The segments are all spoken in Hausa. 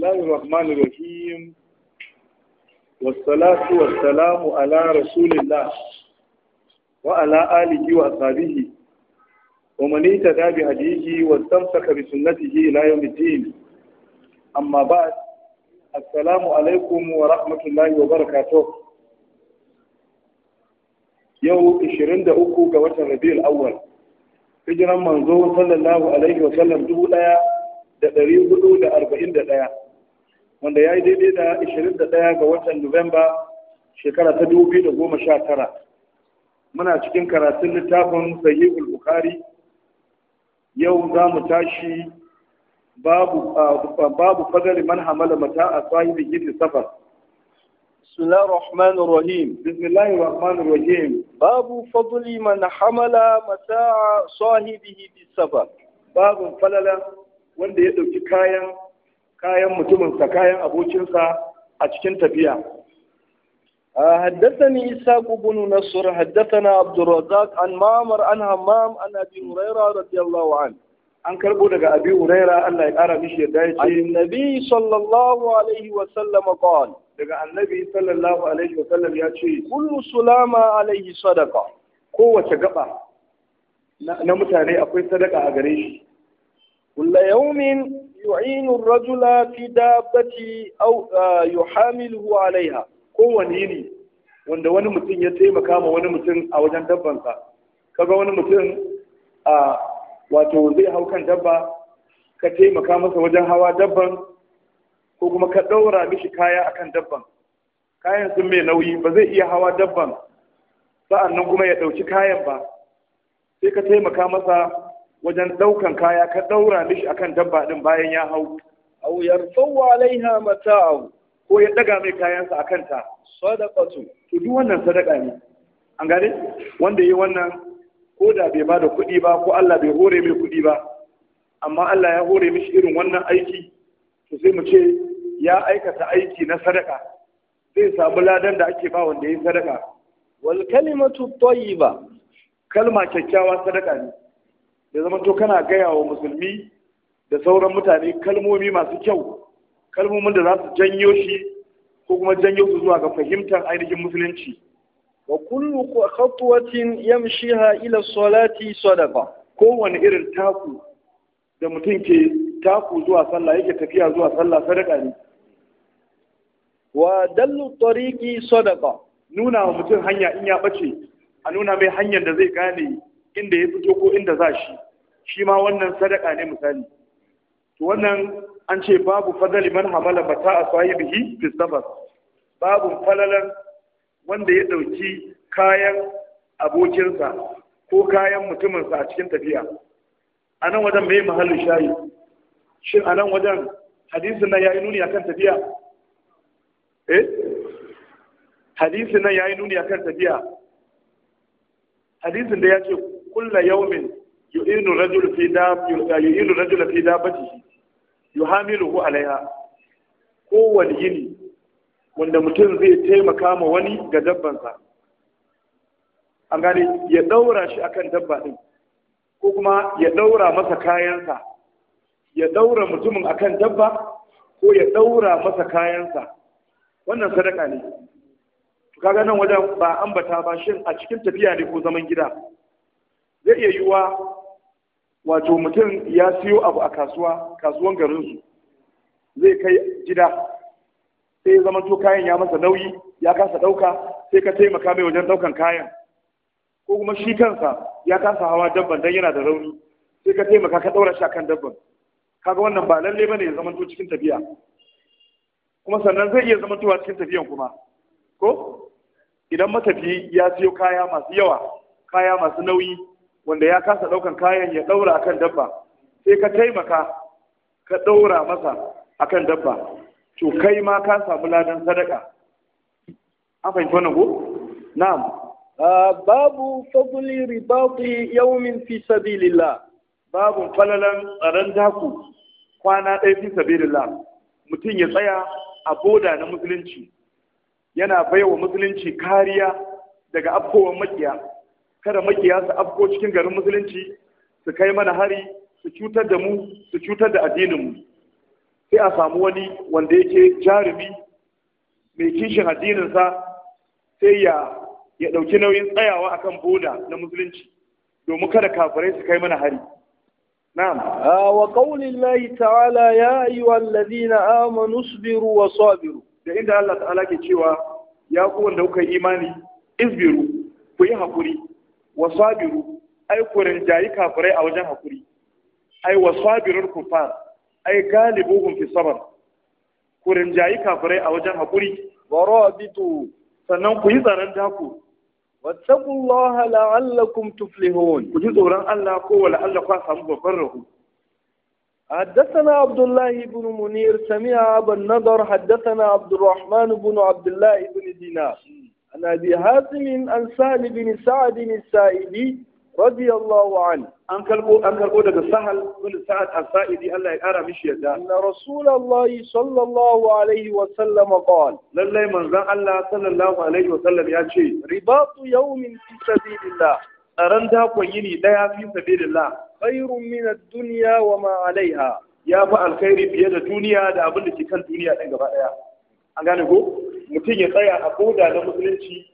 الله الرحمن الرحيم والصلاة والسلام على رسول الله وعلى آله وصحبه ومن اهتدى بهديه واستمسك بسنته إلى يوم الدين أما بعد السلام عليكم ورحمة الله وبركاته يوم 23 ga watan Rabiul Awwal hijiran manzo صلى الله عليه وسلم dubu daya da ɗari wanda ya yi daidai da 21 ga watan Nuwamba shekara ta 2019 muna cikin karatun littafin sahihul bukhari yau za mu tashi babu babu fadali man hamala mata a sahibi gidi safar بسم Rahim. الرحمن الرحيم بسم Rahim. Babu الرحيم باب فضل hamala حمل متاع صاحبه بالسفر Babu falala wanda ya ɗauki kayan kayan mutuminsa kayan abokinsa a cikin tafiya حدثني إسحاق بن نصر حدثنا عبد الرزاق عن مامر عن همام عن أبي هريرة رضي الله عنه an karbo daga abi huraira Allah ya kara mishi yadda ya ce annabi sallallahu alaihi wa sallam qala daga annabi sallallahu alaihi wa sallam ya ce kullu sulama alaihi sadaqa kowace gaɓa. na mutane akwai sadaka a gare shi kullu yu'in ar-rajula fi dabbati aw yuhamiluhu 'alayha ne wanda wani mutum ya taimaka ma wani mutum a wajen dabbansa kaga wani mutum a wato zai hau kan dabba ka taimaka masa wajen hawa dabban ko kuma ka ɗaura mishi kaya akan dabban kayan sun mai nauyi ba zai iya hawa dabban sa'annan kuma ya ɗauki kayan ba sai ka taimaka masa wajen ɗaukan kaya ka ɗaura mishi akan dabba ɗin bayan ya hau aw yarfau alaiha mata'u ko ya daga mai kayansa akan ta sadaqatu to duk wannan sadaka ne an gane wanda yi wannan ko da bai bada kuɗi ba ko Allah bai hore mai kuɗi ba amma Allah ya hore mishi irin wannan aiki to sai mu ce ya aikata aiki na sadaka zai samu ladan da ake ba wanda ya yi sadaka wal kalimatu tayyiba kalma kyakkyawa sadaka ne ya zama to kana gaya wa musulmi da sauran mutane kalmomi masu kyau kalmomin da za su janyo shi ko kuma janyo su zuwa ga fahimtar ainihin musulunci wa kullu khatwatin yamshiha ila salati sadaqa kowane irin taku da mutum ke taku zuwa sallah yake tafiya zuwa sallah sadaka ne wa dallu tariqi sadaqa nuna wa mutum hanya in ya bace a nuna mai hanyar da zai gane inda ya fito ko inda za shi shi ma wannan sadaka ne misali to wannan an ce babu fadali man hamala mata a sahibihi fi safar babu falalan wanda ya dauki kayan abokinsa ko kayan mutuminsa a cikin tafiya a nan wajen mai mahallin shayi shin a nan wajen hadisin nan ya yi nuni akan tafiya eh hadisin nan ya yi nuni akan tafiya hadisin da ya ce kulla yawmin yu'inu الرجل في da يؤين الرجل في دابته يحامله عليها kowane wanda mutum zai taimaka ma wani ga سا an gane ya daura shi akan dabba din ko kuma ya daura masa kayansa ya daura mutumin akan dabba ko ya daura kayansa wannan sadaka ne kaga nan wajen ba ambata ba shin a cikin tafiya ne ko zaman gida zai iya yiwuwa wato mutum ya siyo abu a kasuwa kasuwan garinsu zai kai gida sai ya zamanto kayan ya masa nauyi ya kasa ɗauka sai ka taimaka mai wajen ɗaukan kayan ko kuma shi kansa ya kasa hawa dabban don yana da rauni sai ka taimaka ka ɗaura shi kan dabban kaga wannan ba lalle bane ya zamanto cikin tafiya kuma sannan zai iya zamantowa cikin tafiyan kuma ko idan matafi ya siyo kaya masu yawa kaya masu nauyi wanda ya kasa ɗaukan kayan ya ɗaura akan dabba sai ka taimaka ka ɗaura masa akan dabba to kai ma ka samu ladan sadaka an fahimci wannan ko na'am babu fadli ribati yawmin fi sabilillah babu falalan tsaron daku kwana ɗaya fi sabilillah mutum ya tsaya a boda na musulunci yana baiwa musulunci kariya daga afkowar makiya kada makiya su afko cikin garin musulunci su kai mana hari su cutar da mu su cutar da addininmu sai a samu wani wanda yake jarumi mai kishin addininsa sai ya ya ɗauki nauyin tsayawa akan boda na musulunci domin kada kafirai su kai mana hari na'am ah, wa qaulillahi ta'ala ya ayyuhallazina amanu isbiru wa sabiru da inda Allah ta'ala ke cewa ya ku wanda kuka imani isbiru ku yi hakuri wa sabiru ai ku rinjayi kafirai a wajen hakuri ai wa sabirul kufar ai galibuhum fi sabr ku rinjayi kafirai a wajen sannan ku yi tsaron daku واتقوا الله لعلكم تفلحون كجي تورن الله كو ولا الله كو سامو ببر رهو حدثنا عبد الله بن Munir, سمع ابا النضر حدثنا عبد الرحمن بن عبد الله عن أبي حاتم عن سهل بن سعد السائدي رضي الله عنه أن كلبو أن كلبو دغ سهل بن سعد السائدي الله يقرا مشي يدا أن رسول الله صلى الله عليه وسلم قال لله من ذا الله صلى الله عليه وسلم يا شيء رباط يوم في سبيل الله أرن دا كوني دايا في سبيل الله خير من الدنيا وما عليها يا فا الخير بيد الدنيا da abin da ke kan duniya din gaba daya an gane ko mutum ya tsaya a boda na musulunci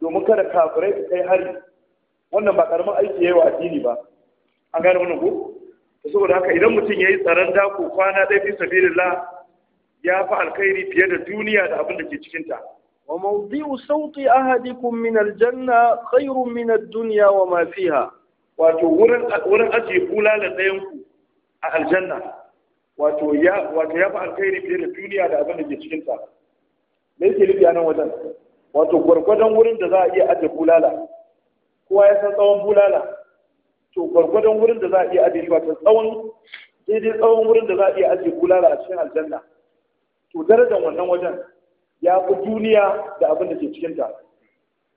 domin kada kafirai su kai hari wannan ba karamin aiki ya yi wa addini ba an gane wannan ko saboda haka idan mutum ya yi tsaron dako kwana ɗaya fi sabilillah ya fi alkhairi fiye da duniya da abin da ke cikinta wa mawdi'u sauti ahadikum min aljanna khairun min ad-dunya wa ma fiha wato wurin wurin aje bulalan ɗayan ku a aljanna wato ya wato ya fi alkhairi fiye da duniya da abin da ke cikinta me yake nufi anan nan wajen wato gwargwadon wurin da za a iya ajiye bulala kowa ya san tsawon bulala to gwargwadon wurin da za a iya ajiye shi wato tsawon daidai tsawon wurin da za a iya ajiye bulala a cikin aljanna to darajar wannan wajen ya fi duniya da abin da ke cikinta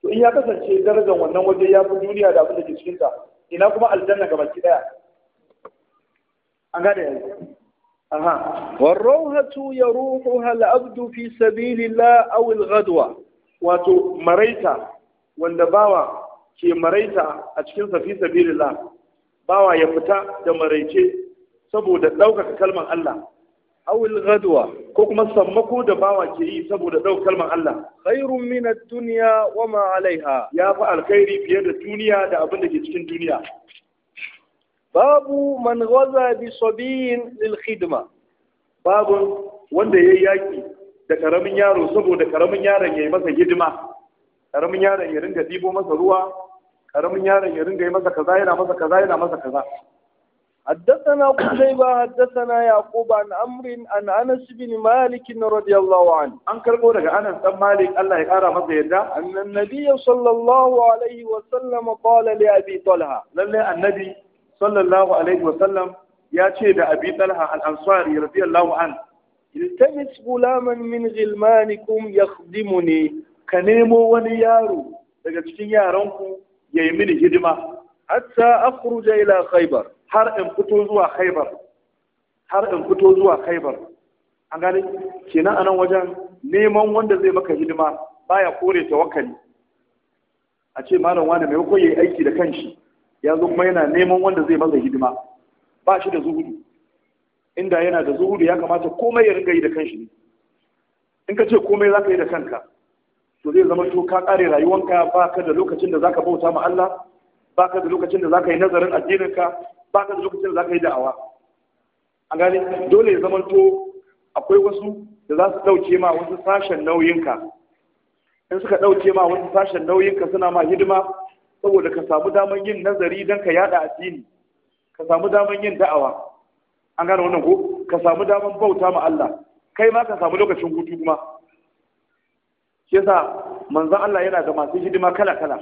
to in ya kasance darajar wannan waje ya fi duniya da abin da ke cikinta ina kuma aljanna gaba baki daya an gane yanzu aha warrauhatu ya ruhu halabdu fi sabilillah aw al wato maraita wanda bawa ke maraita a cikin sa fi sabilillah bawa ya fita da maraice saboda ɗaukaka kalman Allah awil gadwa ko kuma sammako da bawa ke yi saboda ɗaukaka kalmar Allah. Khairun mina duniya wa ma'alaiha. Ya fi alkhairi fiye da duniya da abin da ke cikin duniya. babu man ghaza bi sabiyin lil babu wanda yayi yaki da karamin yaro saboda karamin yaron yi masa hidima karamin yaron ya ringa dibo masa ruwa karamin yaron ya ringa yi masa kaza yana masa kaza yana masa kaza حدثنا قتيبة حدثنا يعقوب عن أمر عن أنس بن مالك رضي الله عنه أن كربو أنس بن مالك الله يقرأ مصير أن النبي صلى الله عليه وسلم قال لأبي طلحة لأن النبي sallallahu alaihi wasallam ya ce da abi talha al-ansari radiyallahu an iltamis gulaman min ghilmanikum yakhdimuni ka nemo wani yaro daga cikin yaranku ya yi mini hidima hatta akhruja ila khaybar har in fito zuwa khaybar har in fito zuwa khaybar an gane kenan anan wajen neman wanda zai maka hidima baya kore tawakkali a ce malam wani mai yayi aiki da kanshi ya zo kuma yana neman wanda zai masa hidima ba shi da zuhudu inda yana da zuhudu ya kamata komai ya riga yi da kanshi ne in ka ce komai za ka yi da kanka to zai zama to ka kare rayuwanka ba ka da lokacin da za ka bauta ma Allah ba ka da lokacin da za ka yi nazarin addininka ba ka da lokacin da za ka yi da'awa a gani, dole ya zama to akwai wasu da za su ɗauke ma wasu sashen nauyinka in suka ɗauke ma wasu sashen nauyinka suna ma hidima saboda ka samu daman yin nazari don ka yada addini ka samu daman yin da'awa an gane wannan ko ka samu daman bauta ma Allah kai ma ka samu lokacin hutu kuma shi yasa manzon Allah yana da masu hidima kala kala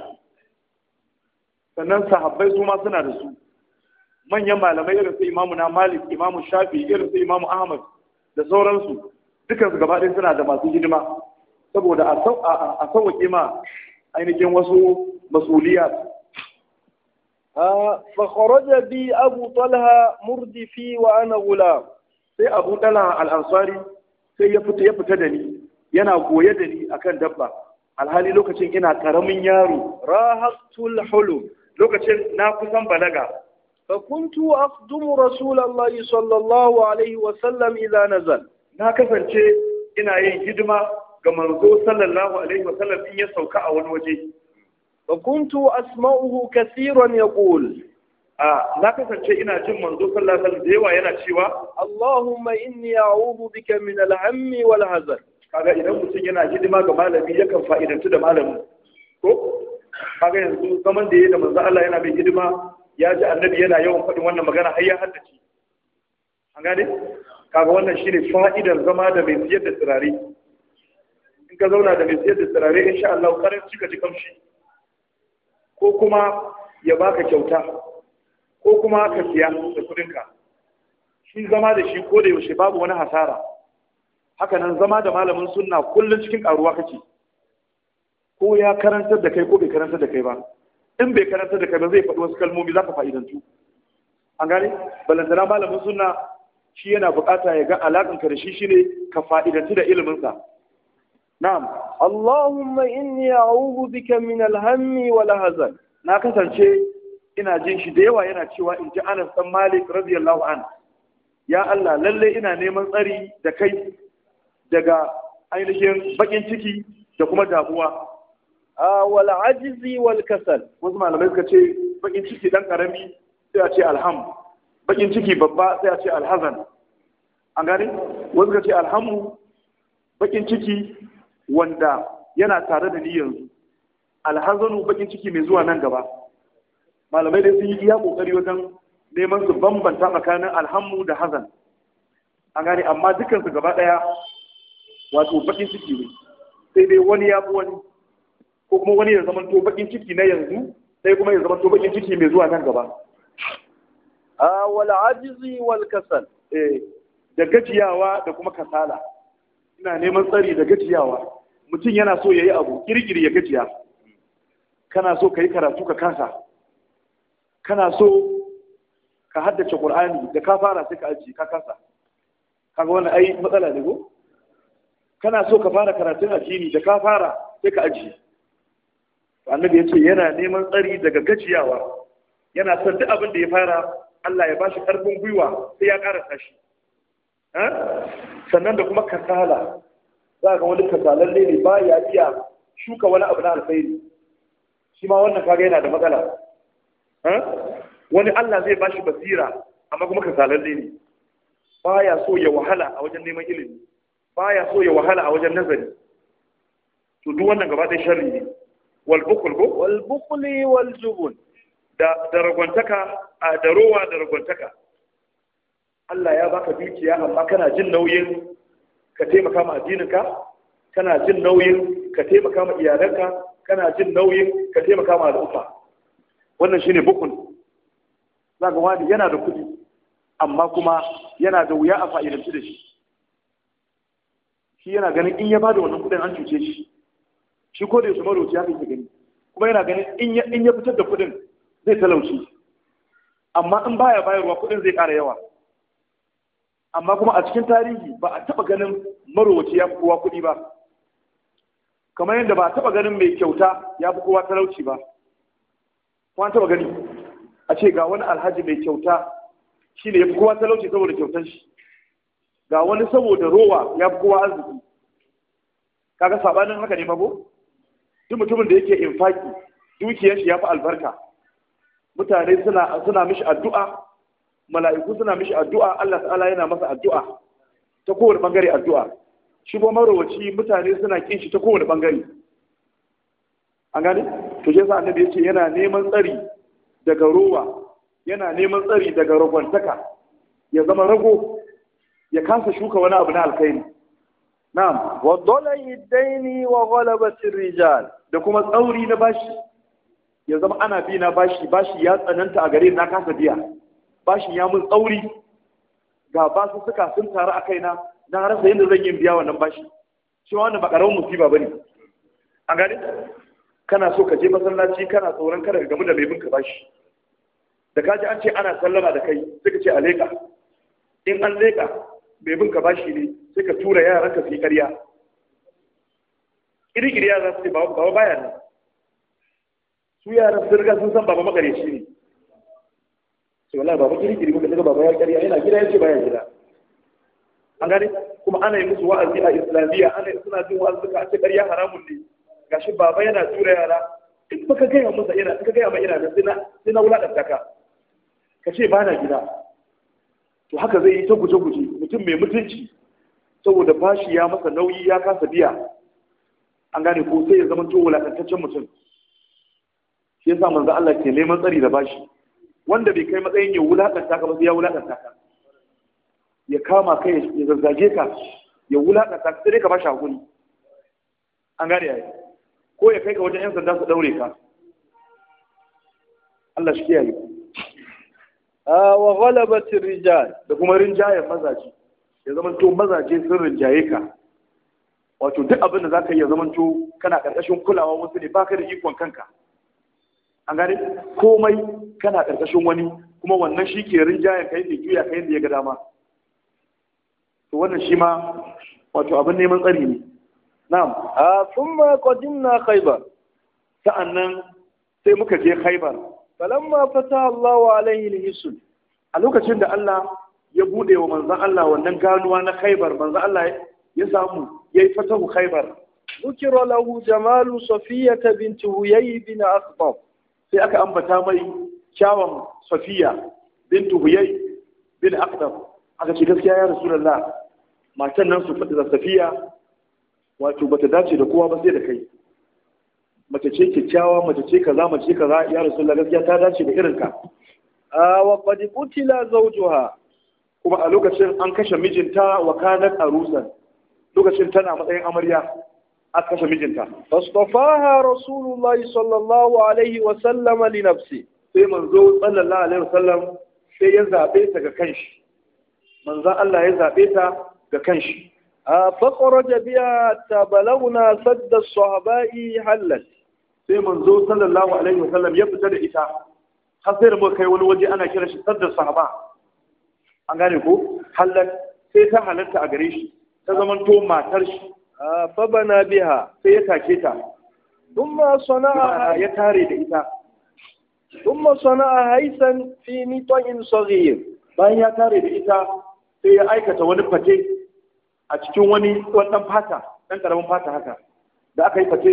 sannan sahabbai su ma suna da su manyan malamai irin su imamu na malik imamu shafi irin su imamu ahmad da sauransu dukansu gaba ɗaya suna da masu hidima saboda a sauƙaƙe ma ainihin wasu مسؤوليات آه فخرج بي أبو طلحة مردفي وأنا غلام sai abu dala al'ansari sai ya fita ya fita da ni yana goye da ni akan dabba alhali lokacin ina karamin yaro rahatul hulum lokacin na kusan balaga fa kuntu aqdumu rasulullahi sallallahu alaihi wa sallam idza nazal na kasance ina yin hidima ga manzo sallallahu alaihi wa sallam in ya sauka a wani waje فكنت kuntu كثيرا يقول yaqul a na kasance ina jin manzo sallallahu alaihi wasallam da yawa yana cewa Allahumma inni a'udhu bika min al-hammi wal hazan kaga idan mutum yana hidima ga malami yakan fa'idantu da malami ko kaga yanzu zaman da yayi da manzo Allah yana mai hidima ya ji annabi yana yawan faɗin wannan magana har ya haddace an gane kaga wannan shine fa'idar zama da mai siyar da tsirare in ka zauna da mai siyar da tsirare insha Allah karin ka ji kamshi ko kuma ya baka kyauta ko kuma ka siya da kudinka shi zama da shi ko da yaushe babu wani hasara haka nan zama da malamin sunna kullum cikin karuwa kake ko ya karantar da kai ko bai karantar da kai ba in bai karantar da kai ba zai faɗi wasu kalmomi za ka fa'idantu an gane balantana malamin sunna shi yana bukata ya ga alaƙanka da shi shine ka fa'idantu da iliminsa na'am Allahumma inni a'udhu bika min al-hammi wal hazan na kasance ina jin shi da yawa yana cewa in ji Anas dan Malik radiyallahu an ya Allah lalle ina neman tsari da kai daga ainihin bakin ciki da kuma damuwa wal ajizi wal kasal wasu malamai suka ce bakin ciki dan karami sai a ce alham bakin ciki babba sai a ce alhazan an gane wasu suka ce alhamu bakin ciki wanda yana tare da ni yanzu alhazanu bakin ciki mai zuwa nan gaba malamai dai sun yi iya kokari wajen neman su bambanta tsakanin alhammu da hazan an gane amma dukkan su gaba daya wato bakin ciki ne sai dai wani ya wani ko kuma wani ya zama to bakin ciki na yanzu sai kuma ya zama to bakin ciki mai zuwa nan gaba a wal ajizi wal kasal eh da gajiyawa da kuma kasala ina neman tsari da gajiyawa mutum yana so ya yi abu kirkiri ya gajiya kana so ka yi karatu ka kasa kana so ka haddace ƙur'ani da ka fara sai ka ajiye ka kasa kaga wannan ai matsala ne ko kana so ka fara karatun addini da ka fara sai ka ajiye annabi yace yana neman tsari daga gajiyawa yana son duk abin da ya fara Allah ya bashi karfin gwiwa sai ya karanta shi sannan da kuma kasala za ka wani kasalalle ne ba ya iya shuka wani abu na alkhairi shi ma wannan kaga yana da matsala eh? wani Allah zai bashi basira amma kuma kasalalle ne Ba ya so ya wahala a wajen neman ilimi ya so ya wahala a wajen nazari to duk wannan gaba ɗaya sharri ne wal bukul ko wal bukuli wal jubun da da ragwantaka a da rowa da ragwantaka Allah ya baka dukiya amma kana jin nauyin ka taimaka ma addininka kana jin nauyin ka taimaka ma iyalanka kana jin nauyin ka taimaka ma al'umma wannan shine bukun za ga wani yana da kuɗi amma kuma yana da wuya a fa'idanci da shi shi yana ganin in ya bada wannan kuɗin an cuce shi shi ko da yaushe marauci haka yake gani kuma yana ganin in ya fitar da kuɗin zai talauci amma in baya bayarwa kuɗin zai ƙara yawa amma kuma a cikin tarihi ba a taɓa ganin marowaci ya fi kowa kuɗi ba kamar yadda ba a taɓa ganin mai kyauta ya fi kowa talauci ba kuma taɓa gani a ce ga wani alhaji mai kyauta shi ne ya fi kowa talauci saboda kyautar shi ga wani saboda rowa ya fi kowa arziki kaga sabanin haka ne mabo duk mutumin da yake infaki dukiyar shi ya fi albarka mutane suna suna mishi addu'a mala'iku suna mishi addu'a Allah ta'ala yana masa addu'a ta kowane bangare addu'a shi kuma marowaci mutane suna kin shi ta kowane bangare an gane to shi yasa annabi yace yana neman tsari daga rowa yana neman tsari daga ragwantaka ya zama rago ya kasa shuka wani abu na alkhairi na'am wa dalai daini wa ghalabati rijal da kuma tsauri na bashi ya zama ana bi na bashi bashi ya tsananta a gare na kasa biya bashin ya mun tsauri ga basu suka sun taru a kaina na rasa yadda zan yi biya wannan bashi shi wannan ba karamin musiba bane a gani kana so ka je masallaci kana tsoron kada ka gamu da mai binka bashi da ka ji an ce ana sallama da kai sai ka ce a leka in an leka mai binka bashi ne sai ka tura yaran ka su yi ƙarya iri-iri su ce ba baya nan su yaran sun riga sun san baba makareci ne sai wallahi ba kiri kiri muka daga baba ya kariya yana gida yace baya gida an gane kuma ana yi musu wa'azi a islamiyya ana suna jin wa'azi suka ce kariya haramun ne gashi baba yana tura yara in baka gaya musa ina in ka gaya ma ina da sai na sai na ka ka ce ba na gida to haka zai yi ta guje-guje mutum mai mutunci saboda bashi ya masa nauyi ya kasa biya an gane ko sai ya zama to wulakantaccen mutum shi yasa manzo Allah ke neman tsari da bashi wanda bai kai matsayin ya wulakanta ka ba ya wulakanta ka ya kama kai ya zazzage ka ya wulakanta ka sai dai ka shi hakuri an gane yayi ko ya kai ka wajen yan sanda su daure ka Allah shi kiyaye wa ghalabat rijal da kuma rinjaye mazaji ya to mazaje sun rinjaye ka wato duk abin da zaka yi ya to kana karkashin kulawa wasu ne baka da ikon kanka an gane komai kana karkashin wani kuma wannan shi ke rinjayen kai da juya kai da ya ga dama to wannan shi ma wato abin neman tsari ne na'am a na qadimna Ta'an sa'annan sai muka je khaybar ma fata wa alaihi al-hisul a lokacin da Allah ya bude wa manzan Allah wannan ganuwa na khaibar manzan Allah ya samu ya yayi fatahu khaibar ذكر له جمال صفية بنت هيي بن أخطب sai aka ambata mai kyawun safiya bintu huyai bin akdam aka ce gaskiya ya rasulullah matan nan su faɗi safiya wato bata dace da kowa ba sai da kai mace ce kyakkyawa mace ce kaza mace kaza ya rasulullah gaskiya ta dace da irin ka a wa qad qutila zawjuha kuma a lokacin an kashe mijinta wa kanat arusan lokacin tana matsayin amarya aka kashe mijinta fastafaha rasulullahi sallallahu alaihi wa sallam li nafsi sai manzo sallallahu alaihi wa sallam sai ya zabe ta ga kanshi manzo Allah ya zabe ta ga kanshi fa kharaja biha tabalagna sadda sahabai halal sai manzo sallallahu alaihi wa sallam ya fita da ita har sai da kai wani waje ana kira shi sadda sahaba an gane ko halal sai ta halarta a gare shi ta zamanto matar shi Ah, fabana biha sai ya take ta thumma sana'a ya tare da ita thumma sana'a haisan fi nitoin saghir bayan ya tare da ita sai ya aikata wani fate a cikin wani wannan fata dan karamin fata haka da aka yi fate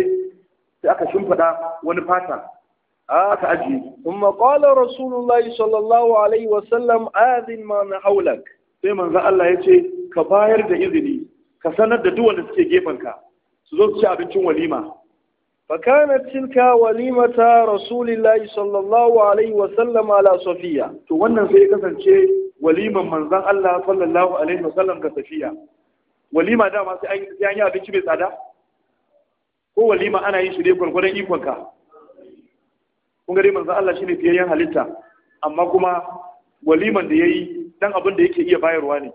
sai aka shimfida wani fata ah. aka ajiye thumma qala rasulullahi sallallahu alaihi wasallam adin ma na haulak sai manzo Allah ya ce ka bayar da izini ka sanar da duwanda suke gefenka su zo su ci abincin walima فكانت تلك وليمة رسول الله sallallahu alaihi wa sallam ala صفية to wannan sai kasance waliman manzon Allah sallallahu alaihi wa sallam ga Safiya walima dama sai an sai an yi abinci mai tsada ko walima ana yin shi dai gurgurdan ikon ka kun ga dai manzon Allah shine fiyayyen halitta amma kuma waliman da yayi dan abin da yake iya bayarwa ne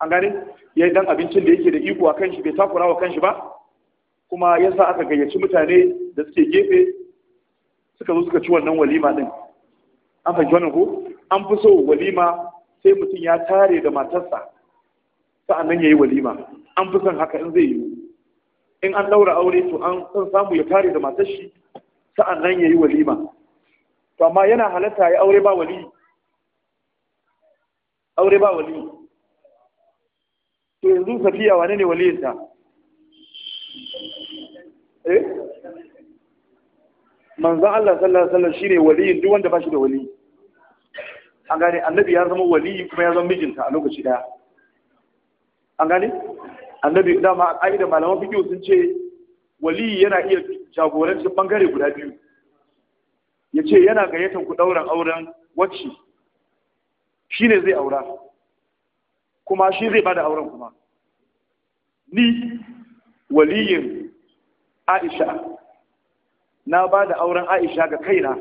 an gane ya yi dan abincin da yake da iko a kanshi bai takura wa kanshi ba kuma ya sa aka gayyaci mutane da suke gefe suka zo suka ci wannan walima din an fahimci wannan ko an fi so walima sai mutum ya tare da matarsa annan ya yi walima an fi son haka in zai yi in an daura aure to an san samu ya tare da matar shi annan ya yi walima to amma yana halatta ya aure ba wali aure ba wali yanzu safiya wane ne waliyinta eh manzon Allah sallallahu alaihi wasallam shine waliyin duk wanda ba shi da wali an gane annabi ya zama wali kuma ya zama mijinta a lokaci daya an gane annabi dama ma aida malaman fikiyu sun ce wali yana iya jagorancin bangare guda biyu ya ce yana gayyatan ku dauran auren wacce shi ne zai aura kuma shi zai bada auren kuma ni waliyin aisha na ba da auren aisha ga kaina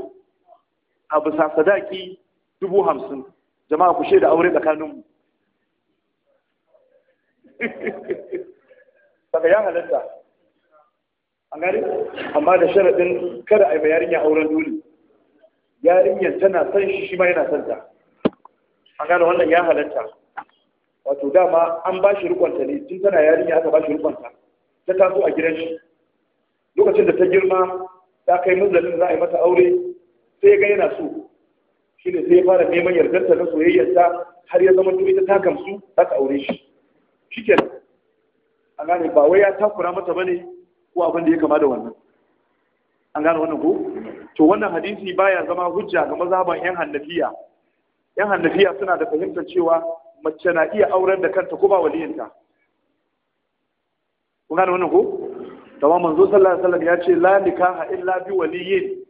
a bisa sadaki dubu hamsin jama'a ku shaida aure tsakaninmu daga ya halatta an gani amma da sharaɗin kada a yi ma yarinya auren dole yarinyar tana son shi shi ma yana son an gane wannan ya halatta wato dama an ba shi rikonta ne tun tana yarinya aka ba shi rikonta ta taso a gidan shi lokacin da ta girma ta kai munzalin za a yi mata aure sai ga yana so shi ne sai ya fara neman yardarta na soyayyarta har ya zama ita ta gamsu za ta aure shi ke a gane ba wai ya takura mata bane ko abin da ya kama da wannan an gane wannan ko to wannan hadisi baya zama hujja ga mazhaban yan hannafiya yan hannafiya suna da fahimtar cewa mace na iya auren da kanta ko ba waliyinta Kuma gane wannan ko amma manzo sallallahu alaihi wasallam ya ce la nikaha illa bi waliyin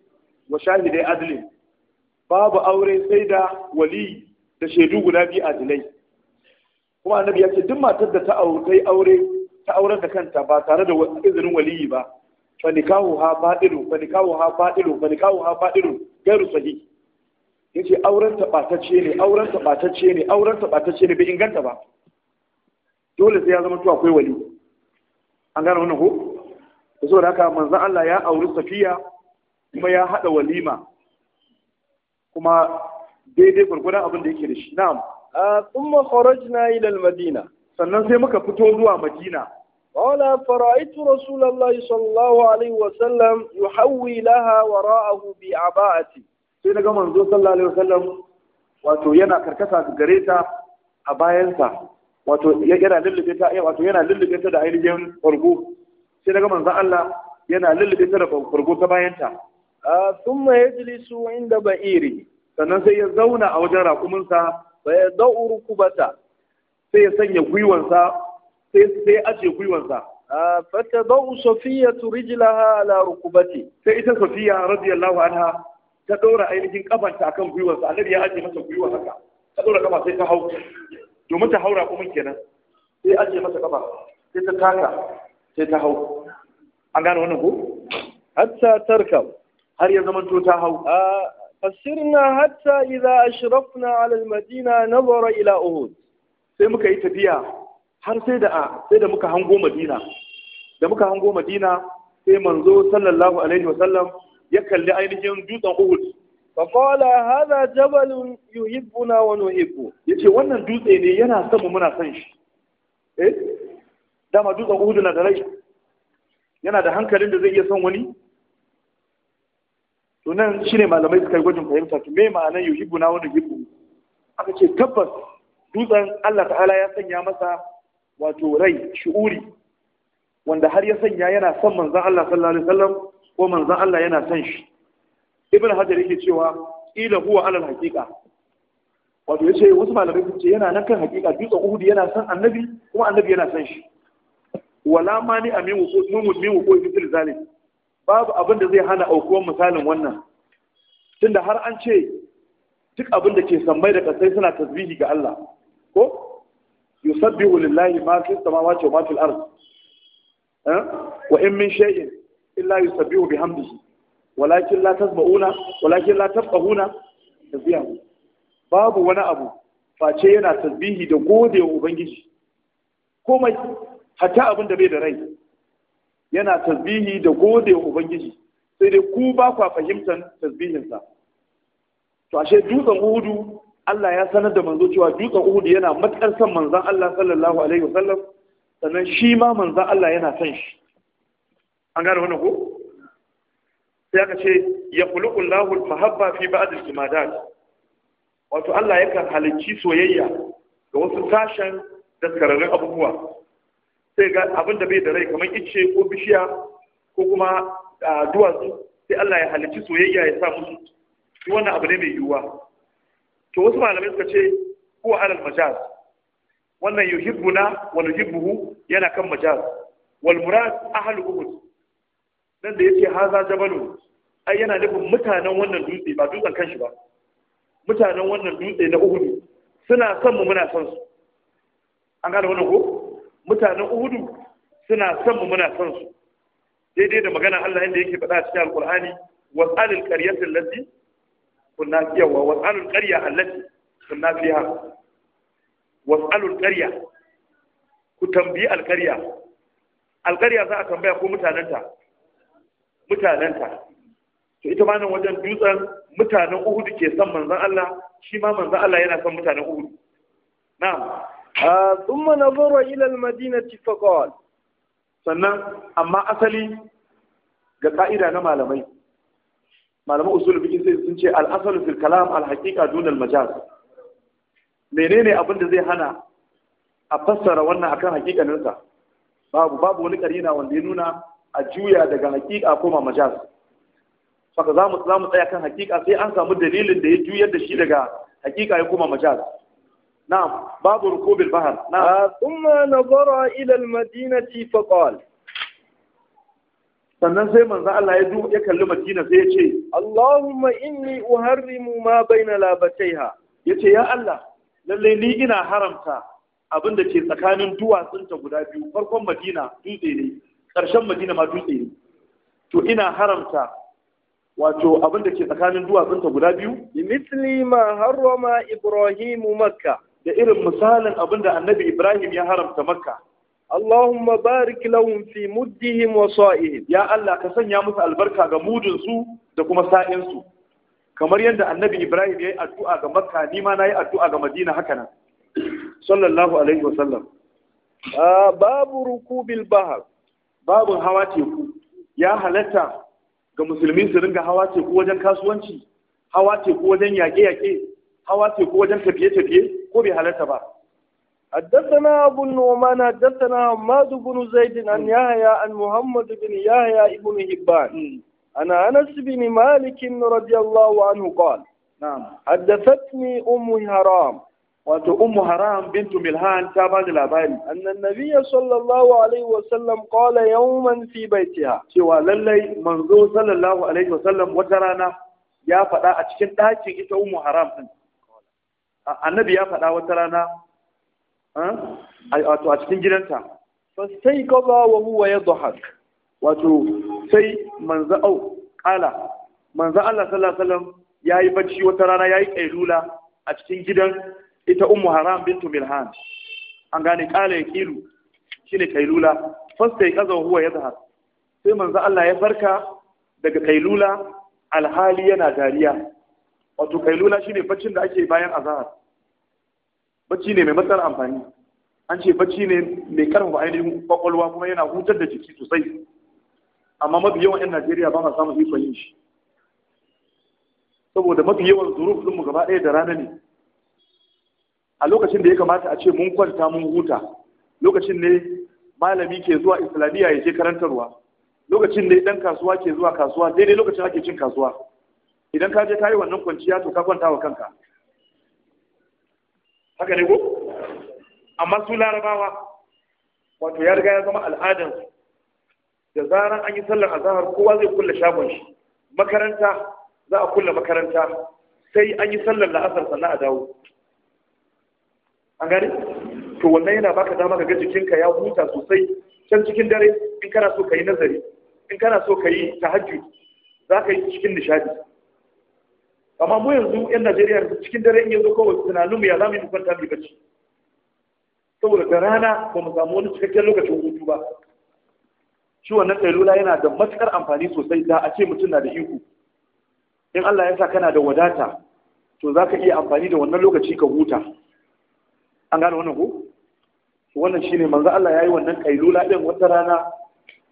wa shahidai adli babu aure sai da wali da shaidu guda biyu adilai kuma annabi ya ce duk matar da ta aure aure ta auren da kanta ba tare da izinin waliyi ba fa nikahu ha fadilu fa nikahu ha fadilu fa nikahu ha fadilu gairu sahih ce auren tabatacce ne auren tabatacce ne auren tabatacce ne bai inganta ba dole sai ya zama to akwai wali an gane wannan ko to saboda haka manzon Allah ya auri Safiya kuma ya hada walima kuma daidai gurgurdan abin da yake da shi na'am thumma kharajna ila al-madina sannan sai muka fito zuwa Madina قال فرأيت rasulullahi sallallahu alaihi الله عليه وسلم يحوي لها وراءه بأباءتي sai na ga manzo sallallahu alaihi wasallam wato yana karkasa gare ta a bayansa wato yana lullube ta eh, wato yana lullube ta da ainihin fargo sai na ga manzo Allah yana lullube ta da fargo ta bayanta thumma yajlisu inda ba'iri sannan sai ya zauna a wajen raƙuminsa fa ya da'uru kubata sai ya sanya gwiwansa sai sai ya aje gwiwansa fa ta da'u safiyatu rijlaha ala rukubati sai ita safiya radiyallahu anha ta ɗora ainihin kafanta a kan gwiwarsa annabi ya ajiye masa gwiwa haka ta ɗora kafa sai ta hau domin ta haura kuma kenan sai ajiye masa kafa sai ta taka sai ta hau an gane wannan ko hatta har ya zama ta hau fasirna hatta idza ashrafna ala almadina nazara ila uhud sai muka yi tafiya har sai da sai da muka hango madina da muka hango madina sai manzo sallallahu alaihi ya kalli ainihin dutsen Uhud yuhibbu na wani يحبنا Ya ce wannan dutse ne yana son mu muna son shi eh dama dutsen Uhud na da rai yana da hankalin da zai iya son wani to nan shine malamai suka yi gwajin fahimta to me ma'anar na wani nuhibbu aka ce tabbas dutsen Allah ta'ala ya sanya masa wato rai shi'uri. wanda har ya sanya yana son manzan Allah sallallahu alaihi wasallam ko manzan Allah yana son shi ibn hajar yake cewa ila huwa alal haqiqa wato yace wasu malamai sun ce yana nan kan haqiqa dutsen Uhud yana son annabi kuma annabi yana son shi wala mani amin wuqut mu min wuqut fi zalim babu abin da zai hana aukuwan misalin wannan tunda har an ce duk abin da ke sammai da kasai suna tasbihi ga Allah ko yusabbihu lillahi ma fi samawati wa ma fil eh? wa in min shay'in illa yusabbihu bihamdihi walakin la tasbauna walakin la tafqahuna tasbiha babu wani abu face yana tasbihi da gode wa ubangiji komai hatta abin da bai da rai yana tasbihi da gode wa ubangiji sai dai ku ba kwa fahimtar tasbihinsa to ashe dutsen uhudu Allah ya sanar da manzo cewa dutsen uhudu yana matsar son manzon Allah sallallahu alaihi wasallam sannan shi ma manzon Allah yana son shi an gane wani ko sai aka ce ya khuluqu Allahu al-mahabba fi ba'd al-imadat wato Allah yakan halicci soyayya ga wasu sashen daskararrun abubuwa sai ga abin da bai da rai kamar icce ko bishiya ko kuma duwatsu sai Allah ya halicci soyayya ya sa musu shi wannan abu ne mai yiwuwa to wasu malamai suka ce huwa alal majaz wannan yuhibbuna wa nuhibbuhu yana kan majaz wal murad ahlu uhud nan da ya ce haza jabalu ai yana nufin mutanen wannan dutse ba dutsen kanshi ba mutanen wannan dutse na uhudu suna son mu muna son su an gane wannan ko mutanen uhudu suna son mu muna son su daidai da magana Allah inda yake faɗa cikin alqur'ani was'alil qaryati allati kunna fiha wa was'alul qarya allati kunna fiha was'alul qarya ku tambayi alqarya alqarya za a tambaya ko mutanenta mutanenta to ita ma nan wajen dutsen mutanen Uhud ke son manzon Allah shi ma manzon Allah yana son mutanen Uhud na'am ah, thumma nazara ila al-madinati faqal sannan amma asali ga ka'ida na malamai Malamai usul fiqh sai sun ce al-asalu fil kalam al-haqiqa dun al menene abin da zai hana a fassara wannan akan hakikaninsa babu babu wani karina wanda ya nuna a juya daga hakika koma majaz saka za mu tsaya kan hakika sai an samu dalilin da ya juyar da shi daga hakika ya koma majaz na'am babu rukubil bahar na'am ah, thumma nazara ila al-madinati fa sannan sai manzo Allah ya zo ya kalli Madina sai ya ce Allahumma inni uharrimu ma baina labataiha yace ya Allah lalle ni ina haramta abin da ke tsakanin duwatsun guda biyu farkon Madina dutse ne ƙarshen madina ma dutse ne to ina haramta wato abin da ke tsakanin duwatsunta guda biyu misli ma harrama ibrahimu makka da irin misalin abin da annabi ibrahim ya haramta makka Allahumma barik lahum fi muddihim wa sa'ihim ya Allah ka sanya musu albarka ga mudun su da kuma sa'in su kamar yadda annabi Ibrahim yayi addu'a ga Makka ni ma nayi addu'a ga Madina haka nan sallallahu alaihi wa sallam ah, babu rukubil bahar babin hawa teku ya halatta ga musulmi su ringa hawa teku wajen kasuwanci hawa teku wajen yaƙe-yaƙe hawa teku wajen tafiye-tafiye ko bai halatta ba حدثنا أبو النعمان حدثنا عماد بن زيد عن يحيى عن محمد بن يحيى بن هبان عن أنس بن مالك رضي الله عنه قال نعم حدثتني أم haram. wato ummu haram bintu milhan ta ba da labari annan nabiyya sallallahu alaihi wa sallam qala yawman fi baitiha cewa lallai manzo sallallahu alaihi wa sallam wata rana ya faɗa a cikin ɗakin ita ummu haram din annabi ya faɗa wata rana wato a cikin gidanta sai kaza wa huwa yadhhak wato sai manzo au qala manzo Allah sallallahu alaihi wa sallam yayi bacci wata rana ya yi kailula a cikin gidan ita ummu haram bintu milhan an gane kala ya kilu shine kailula fasta ya kaza huwa ya zahar sai manzo Allah ya farka daga kailula alhali yana dariya wato kailula shine baccin da ake bayan azhar bacci ne mai matsar amfani an ce bacci ne mai karfafa ainihin kwakwalwa kuma yana hutar da jiki sosai amma mafi yawan 'yan najeriya ba ma samun ikon yin shi saboda mafi yawan zuruf ɗinmu gaba ɗaya da rana ne a lokacin da ya kamata a ce mun kwanta mun huta lokacin ne malami ke zuwa islamiyya ya je karantarwa lokacin ne dan kasuwa ke zuwa kasuwa daidai lokacin ake cin kasuwa idan ka je ka yi wannan kwanciya to ka kwanta wa kanka haka ne ko amma su larabawa wato ya riga ya zama al'adar da zaran an yi sallar azahar kowa zai kulle shagon shi makaranta za a kulle makaranta sai an yi sallar la'asar sannan a dawo an gani? to wannan yana baka dama ka ga jikinka ya huta sosai can cikin dare in kana so ka yi nazari in kana so ka yi tahajjud za ka yi cikin nishadi amma mu yanzu yan Najeriya cikin dare in yanzu kawai tunanin mu ya zama yi kwanta mu bacci saboda da rana ba mu samu wani cikakken lokacin hutu ba shi wannan kailula yana da matukar amfani sosai da a ce mutum na da iko in Allah ya sa kana da wadata to za ka iya amfani da wannan lokaci ka huta an gano wannan ko wannan shine manzo Allah yayi wannan kailula din wata rana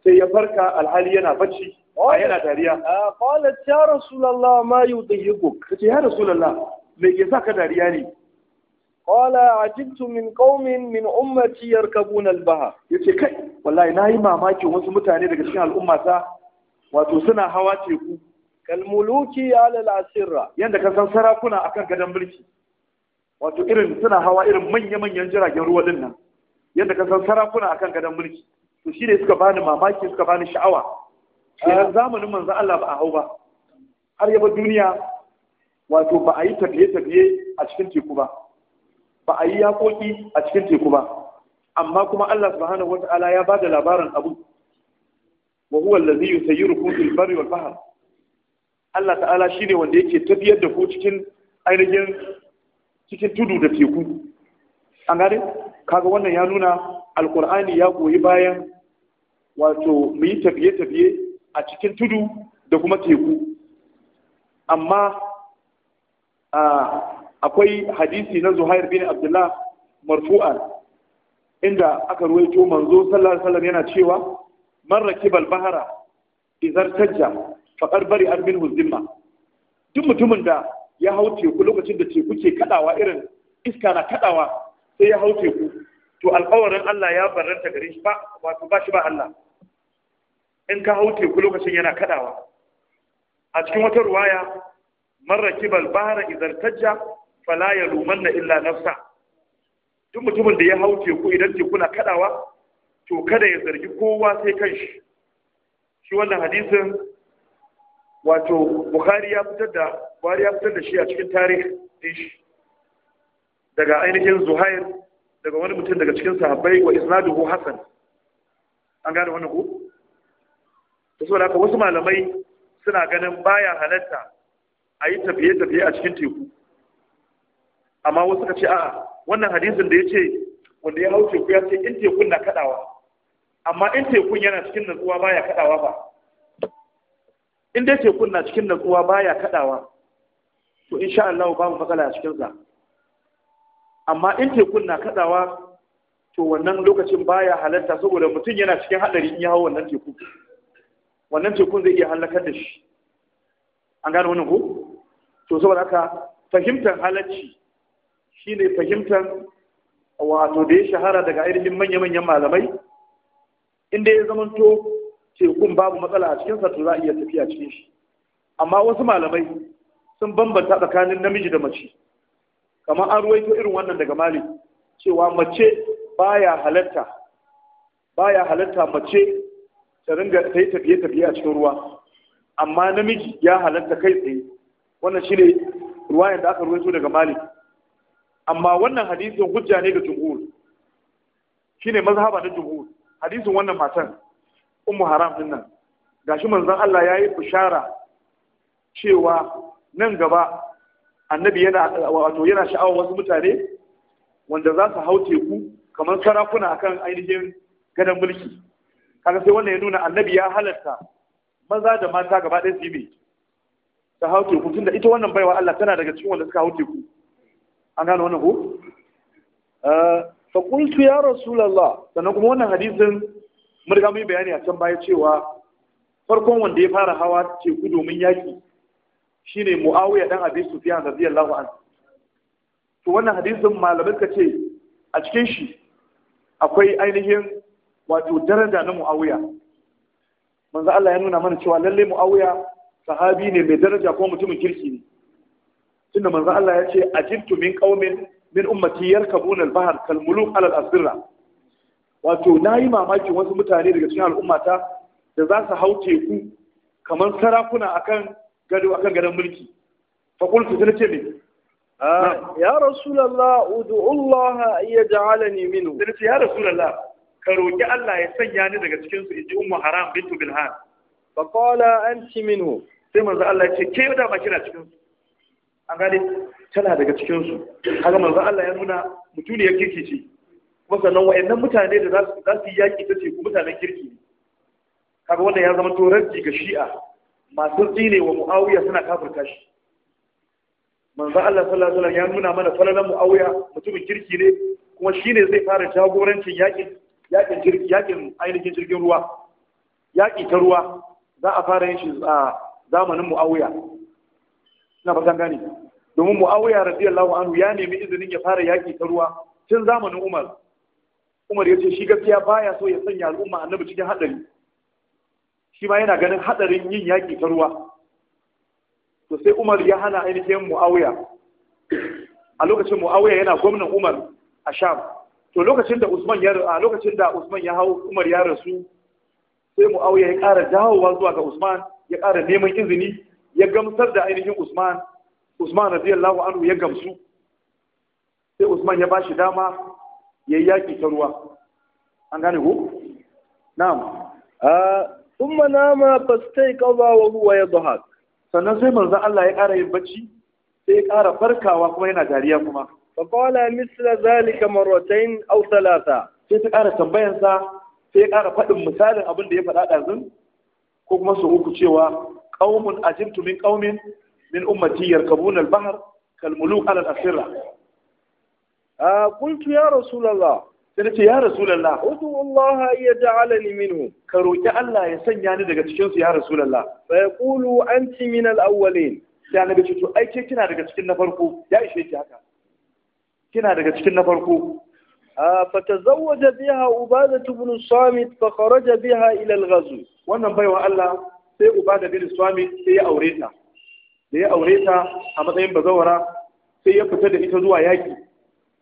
sai ya farka alhali yana bacci a yana dariya qalat ya rasulullah ma yudhiyuk kace ya rasulullah me ke saka dariya ne qala ajibtu min qaumin min ummati yarkabuna al-bahr yace kai wallahi nayi mamakin wasu mutane daga cikin al'ummata wato suna hawa teku kalmuluki ala al-asirra yanda ka san sarakuna akan gadon mulki wato irin suna hawa irin manya-manyan jiragen ruwa din nan yadda ka san sarakuna akan gadon mulki to shi ne suka bani mamaki suka bani sha'awa kenan zamanin manzo Allah ba a hau ba har yaba duniya wato ba a yi tafiye-tafiye a cikin teku ba ba a yi yaƙoƙi a cikin teku ba amma kuma Allah subhanahu wata'ala ya bada labarin abu wa huwa allazi yusayyirukum fil barri wal bahr Allah ta'ala shine wanda yake tafiyar da ku cikin ainihin cikin tudu da teku an gane kaga wannan ya nuna alkur'ani ya goyi bayan wato mu yi tafiye-tafiye a cikin tudu da kuma teku amma akwai hadisi na zuhair bin abdullah marfu'an inda aka ruwaito manzo sallallahu alaihi wasallam yana cewa man rakibal bahara izar tajja faqad bari an zimma duk mutumin da ya hau teku lokacin da teku ke kadawa irin iska na kadawa sai ya hau teku to alkawarin Allah ya barranta gare shi ba wato ba shi ba Allah in ka hau teku lokacin yana kadawa a cikin wata ruwaya kibar bahra idan tajja fala yalumanna illa nafsa duk mutumin da ya hau teku idan teku na kadawa to kada ya zargi kowa sai kanshi shi wannan hadisin wato bukhari ya fitar da bukhari ya fitar da shi a cikin tarihi din shi daga ainihin zuhair daga wani mutum daga cikin sahabbai wa isnaduhu hasan an gane wannan ku to saboda haka wasu malamai suna ganin baya halatta a yi tafiye-tafiye a cikin teku amma wasu suka ce a'a wannan hadisin da ya ce wanda ya hau teku ya ce in tekun na kadawa amma in tekun yana cikin natsuwa baya kadawa ba in dai tekun na cikin natsuwa baya kadawa to insha Allah ba mu matsala a cikin sa amma in tekun na kadawa to wannan lokacin baya halarta saboda mutum yana cikin hadari in ya hau wannan teku wannan tekun zai iya halakar da shi an gane wannan ko to saboda haka fahimtar halacci shine fahimtar wato da ya shahara daga ainihin manya-manyan malamai inda ya zamanto tekun babu matsala a cikinsa to za a iya tafiya cikin shi amma wasu malamai sun bambanta tsakanin namiji da mace kamar an ruwaito irin wannan daga mali cewa mace baya halatta baya halatta mace ta ringa ta yi tafiye tafiye a cikin ruwa amma namiji ya halatta kai tsaye wannan shi ne ruwayan da aka ruwaito daga mali amma wannan hadisin hujja ne ga jumhur shine mazhaba na jumhur hadisin wannan matan Umu haram din nan gashi manzon Allah ya yi bishara cewa nan gaba annabi yana wato yana sha'awa wasu mutane wanda za su hau teku kamar sarakuna akan ainihin gadon mulki kaga sai wannan ya nuna annabi ya halarta maza da mata gaba ɗaya su yi ta hau teku tunda ita wannan baiwa Allah tana daga cikin wanda suka hau teku an gano wannan ko eh, fa qultu ya rasulullah sannan kuma wannan hadisin mun riga mun bayani a can baya cewa farkon wanda ya fara hawa teku domin yaki shine Muawiya dan Abi Sufyan radiyallahu anhu to wannan hadisin malamai ka ce a cikin shi akwai ainihin wato daraja na Muawiya manzo Allah ya nuna mana cewa lalle Muawiya sahabi ne mai daraja ko mutumin kirki ne tunda manzo Allah ya ce ajibtu min qaumin min ummati yarkabuna al-bahr kal muluk asirra. wato na yi mamakin wasu mutane daga cikin al'ummata da za su hau teku kamar sarakuna akan gado akan gadon mulki fa qultu sai ce me ah, ya rasulullah ud'u Allah ya ja'alani minhu sai nace ya rasulullah ka roki Allah ya sanya ni daga cikin su inji ummu haram bintu bilhan fa qala anti minhu sai manzo Allah ya ce ke da ba kina cikin su an gane tana daga cikin su kaga manzo Allah ya nuna mutune ya ce. kuma sannan wa'annan mutane da za su yi yaƙi ta teku mutanen kirki kaga wannan ya zama toranci ga shi'a masu tsine wa mu'awiya suna kafirta shi manzo Allah sallallahu alaihi ya nuna mana falalan mu'awiya mutumin kirki ne kuma shine zai fara jagorancin yaƙin yaƙin yaƙin ainihin jirgin ruwa yaƙi ta ruwa za a fara yin shi a zamanin mu'awiya ina fatan gane domin mu'awiya radiyallahu anhu ya nemi izinin ya fara yaƙi ta ruwa tun zamanin Umar Umar ya ce shi gaskiya baya so ya sanya al'umma annabi cikin haɗari shi ma yana ganin haɗarin yin yaki ta ruwa to sai Umar ya hana ainihin Muawiya a lokacin Muawiya yana gwamnan Umar a Sham to lokacin da Usman ya a lokacin da Usman ya hau Umar ya rasu sai Muawiya ya ƙara dawowa zuwa ga Usman ya ƙara neman izini ya gamsar da ainihin Usman Usman radiyallahu anhu ya gamsu sai Usman ya bashi dama ya yi yaƙi ta ruwa an gane ku? na'am sun manama fastai kaza wa huwa ya zuhak sannan sai manzan Allah ya ƙara yin bacci sai ya ƙara farkawa kuma yana dariya kuma faƙwala misla zalika marwatain aw talata sai ta ƙara tambayansa sai ya ƙara faɗin misalin abin da ya faɗa ɗazu ko kuma su uku cewa qaumun ajibtu min qaumin min ummati yarkabuna al-bahr kal muluk ala al-asirra Kuntu ya rasulullah sai ce ya rasulullah udu Allah ya ja'ala ni minhu ka roki Allah ya sanya ni daga cikin su ya rasulullah fa yaqulu anti min al-awwalin sai annabi ce to ai ke kina daga cikin na farko ya ishe ki haka kina daga cikin na farko فتزوج بها عبادة بن الصامت فخرج بها إلى الغزو wannan bai wa Allah sai Ubada bin Swami sai ya aure ta ya aure ta a matsayin bazawara sai ya fita da ita zuwa yaki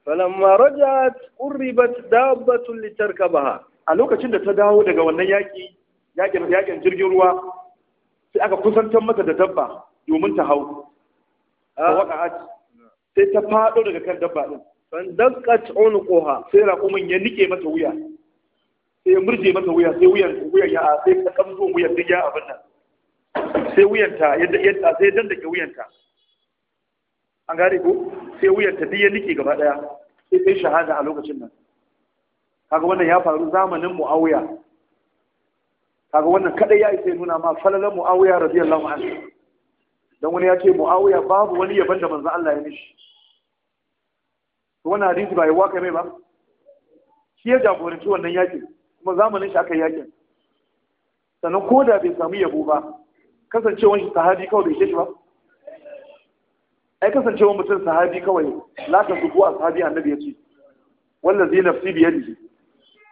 falamma rajat qurribat dabbatun litarkabaha a lokacin da ta dawo daga wannan yaki yakin jirgin ruwa sai aka kusantar mata da dabba domin ta hau ah. waqa'at sai ta faɗo daga kan dabba din fan daqqat unquha sai raƙumin ya nike mata wuya sai ya murje mata wuya sai wuyan wuyan ya sai ta kamzo wuyan duk ya abin nan sai wuyanta yadda sai dandake wuyanta an gane ko sai wuyar ta ya nike gaba daya sai sai shahada a lokacin nan kaga wannan ya faru zamanin muawiya kaga wannan kadai ya isa nuna ma falalan muawiya radiyallahu anhu dan wani ya ce muawiya babu wani yaban da manzo Allah ya mishi to wannan hadisi ba ya waka mai ba shi ya jagoranci wannan yakin kuma zamanin shi aka yakin sannan koda bai samu yabo ba kasancewar shi sahabi kawai bai shi ba ai kasancewa mutum sahabi kawai la ta zuku a sahabi annabi ya ce wallan zai nafsi biyadihi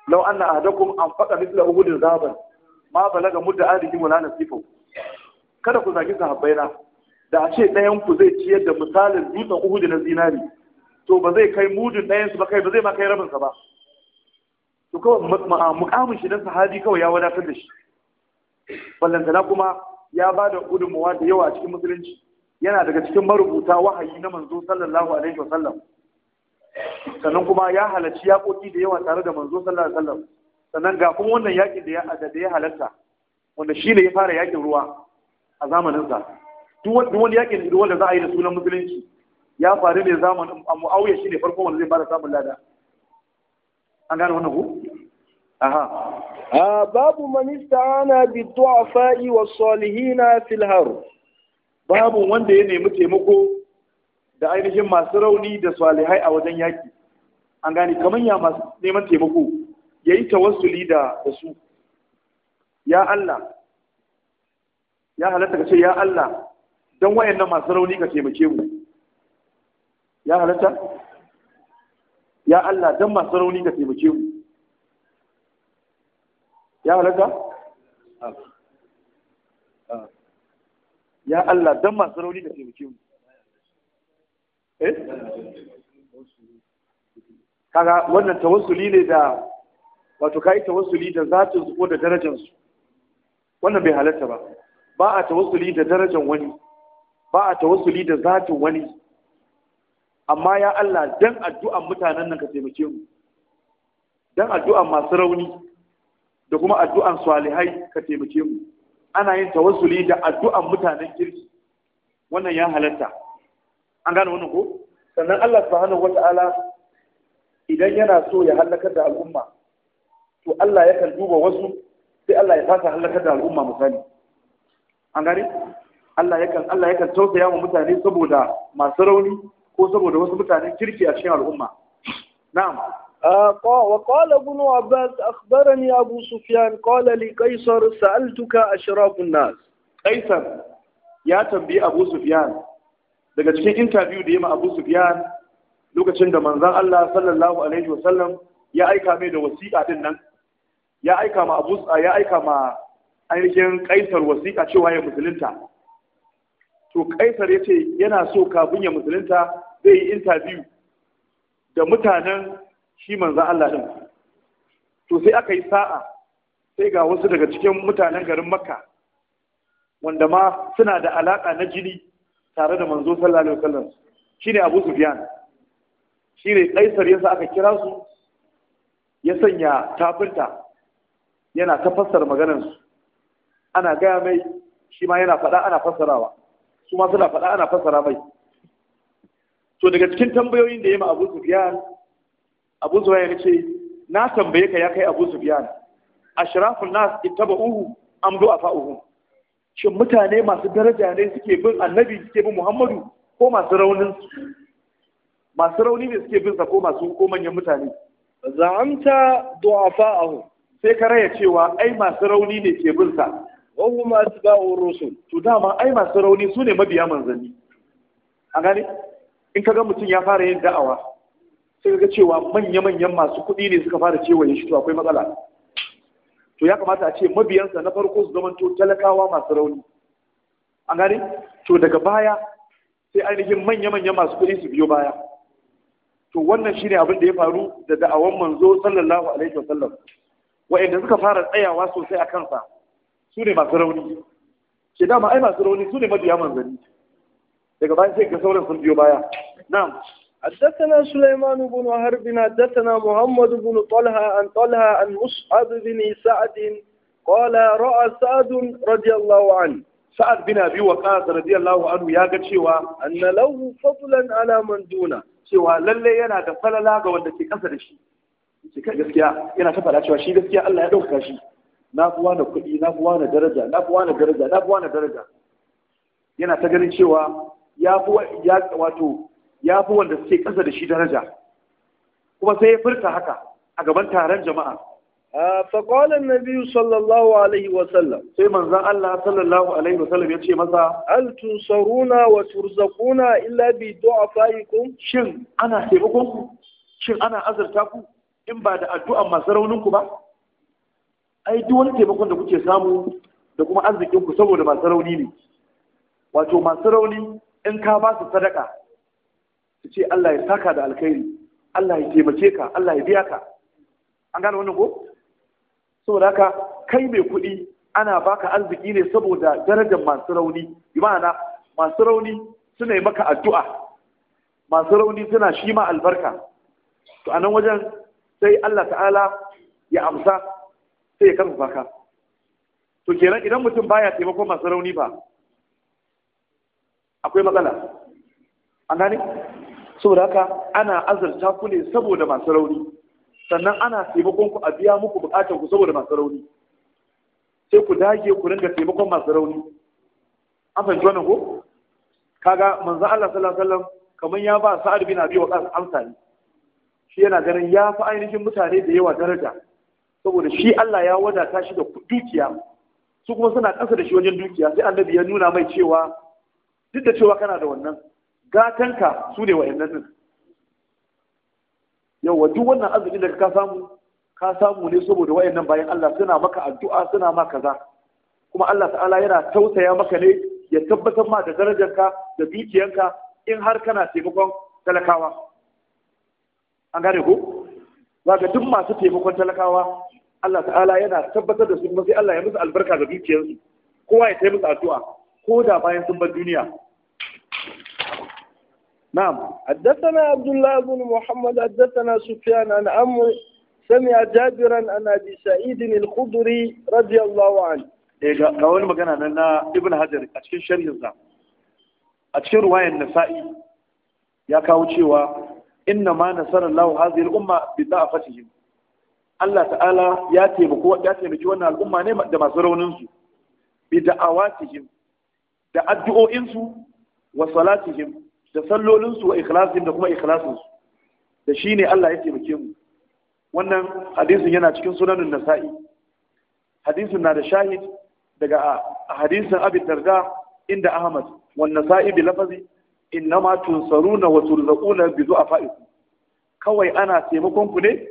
law anna ahadakum an faɗa mithla uhudin zaban ma ga muda alihi wala nasifu kada ku zagi sahabbai na da a ce ɗayan ku zai ciyar da misalin dutsen uhudi na zinari to ba zai kai mudun ɗayan ba kai ba zai ma kai rabinsa ba to kawai mukamin shi dan sahabi kawai ya wadatar da shi ballantana kuma ya ba da gudunmawa da yawa a cikin musulunci yana daga cikin marubuta wahayi na manzo sallallahu alaihi wa sallam sannan kuma ya halarci yaƙoƙi da yawa tare da manzo sallallahu alaihi wa sallam sannan ga kuma wannan yaƙin da ya halarta wanda shi ne ya fara yaƙin ruwa a zamaninsa duk wani yaƙin da wanda za a yi da sunan musulunci ya faru ne zamanin a mu'auya shi ne farko wanda zai fara samun lada an gane wannan ku aha ah, babu manista ana bi du'afa'i wa salihina fil harb babu wanda ya nemi taimako da ainihin masu rauni da salihai a wajen yaki an gane kamar ya masu neman taimako ya yi tawassuli da su ya Allah ya halatta ka ce ya Allah don wayannan masu rauni ka taimake mu ya halatta ya Allah don masu rauni ka taimake mu ya halatta ya Allah dan masu rauni ka taimake mu eh? kaga wannan tawassuli ne da wato kai tawassuli da zatin su ko da darajar su wannan bai halatta ba ba a tawassuli da darajar wani ba a tawassuli da zatin wani amma ya Allah dan addu'an mutanen nan ka taimake mu dan addu'an masu rauni da kuma addu'an salihai ka taimake mu ana yin tawassuli da addu'an mutanen kirki wannan ya halatta an gane wannan ko sannan Allah subhanahu wata'ala idan yana so ya halakar da al'umma to Allah ya kan duba wasu sai Allah ya fasa halakar da al'umma misali an gane Allah kan Allah kan tausaya wa mutane saboda masu rauni ko saboda wasu mutanen kirki a cikin al'umma na'am وقال ابن عباس أخبرني أبو سفيان قال لي قيصر سألتك أشراف الناس قيصر يا تنبي أبو سفيان daga cikin interview da ya ma Abu Sufyan lokacin da manzon Allah sallallahu alaihi wasallam ya aika mai da wasiƙa din nan ya aika ma Abu ya aika ma ainihin Kaisar wasiƙa cewa ya musulunta to Kaisar yace yana so kafin ya musulunta zai yi interview da mutanen shi manzan Allah ɗin to sai aka yi sa'a sai ga wasu daga cikin mutanen garin makka wanda ma suna da alaƙa na jini tare da manzo sallallahu alaihi wasallam ne Abu shi ne Kaisar yasa aka kira su ya sanya tafinta yana ta fassara maganar su ana gaya mai shi ma yana faɗa ana fassarawa su ma suna faɗa ana fassara mai to daga cikin tambayoyin da ya ma Abu Sufyan abu zuwa ya ce na tambaye ka ya kai abu su A shirafin nas a fa uhu. shin mutane masu daraja ne suke bin annabi suke bin muhammadu ko masu raunin masu rauni ne suke bin sa ko masu ko manyan mutane za'amta du'afa'ahu sai ka raya cewa ai masu rauni ne ke bin sa wa huma asba'ur rusul to dama ai masu rauni su ne mabiya manzanni a gani in ka ga mutum ya fara yin da'awa sai ga cewa manya-manyan masu kuɗi ne suka fara cewa shi to akwai matsala to ya kamata a ce mabiyansa na farko su to talakawa masu rauni an gane to daga baya sai ainihin manya-manyan masu kuɗi su biyo baya to wannan shine abin da ya faru da da'awan manzo sallallahu alaihi wasallam wa'anda suka fara tsayawa sosai a kansa su ne masu rauni ke dama ai masu rauni su ne mabiya manzanni daga baya sai ga sauran sun biyo baya na'am حدثنا سليمان بن هرب حدثنا محمد بن طلحة عن طلحة عن مصعب بن سعد قال رأى سعد رضي الله عنه سعد بن أبي وقاص رضي الله عنه يا cewa أن له فضلا على من دونه yana da falala ga wanda ke kasa da shi cika gaskiya ta fara cewa shi gaskiya Allah ya dauka shi na fi wani kuɗi na fi wani daraja na fi wani daraja na fi wani daraja yana ta ganin cewa ya ya fi wanda suke ƙasa da shi daraja kuma sai ya furta haka a gaban taron jama'a فقال النبي صلى الله عليه وسلم sai manzon Allah sallallahu alaihi wasallam ce masa al tunsaruna wa turzakuna illa bi du'afaikum shin ana taimakon ku shin ana azurta ku in ba da addu'an masu raunin ku ba ai duk wani taimakon da kuke samu da kuma arzikinku saboda masu rauni ne wato masu rauni in ka ba su sadaka su ce Allah ya saka da alkhairi Allah ya taimake ka Allah ya biya ka an gane wannan ko saboda haka kai mai kuɗi ana baka arziki ne saboda darajar masu rauni imana masu rauni suna yi maka addu'a masu rauni suna shi ma albarka to a nan wajen sai Allah ta'ala ya amsa sai ya karfafa ka to kenan idan mutum baya taimakon masu rauni ba akwai matsala an saboda haka ana azurta ku ne saboda masu rauni sannan ana taimakon ku a biya muku bukatar ku saboda masu rauni sai ku dage ku ringa taimakon masu rauni an fahimci wannan ko kaga manzo Allah sallallahu alaihi wasallam kamar ya ba Sa'ad bin Abi Waqqas amsa ne shi yana ganin ya fi ainihin mutane da yawa daraja saboda shi Allah ya wadata shi da dukiya su kuma suna kasa da shi wajen dukiya sai annabi ya nuna mai cewa duk da cewa kana da wannan gatanka su ne wa'annan nan yau duk wannan arziki da ka samu ka samu ne saboda nan bayan Allah suna maka addu'a suna maka kaza kuma Allah ta'ala yana tausaya maka ne ya tabbatar ma da darajarka da dukiyanka in har kana taimakon talakawa an gane ko za ga duk masu taimakon talakawa Allah ta'ala yana tabbatar da su kuma sai Allah ya musu albarka ga dukiyarsu kowa ya taimaka addu'a ko da bayan sun bar duniya نعم حدثنا عبد الله بن محمد حدثنا سفيان عن عمرو سمع جابرا عن ابي سعيد الخدري رضي الله عنه ga wani magana nan na ibn hajar a cikin sharhinsa a cikin ruwayan nasa'i ya kawo cewa inna ma nasara lahu hadhihi al-umma bi da'afatihim Allah ta'ala ya taimaki ya wannan al'umma ne da masu raunin da addu'o'insu su wa salatihim da sallolinsu wa ikhlasin da kuma ikhlasinsu da shi ne Allah ya taimake mu wannan hadisin yana cikin sunanin nasa'i hadisin na da shahid daga hadisin abi darda inda ahmad wan nasa'i bi lafazi innama tunsaruna wa turzaquna bi du'afaikum kawai ana taimakon ku ne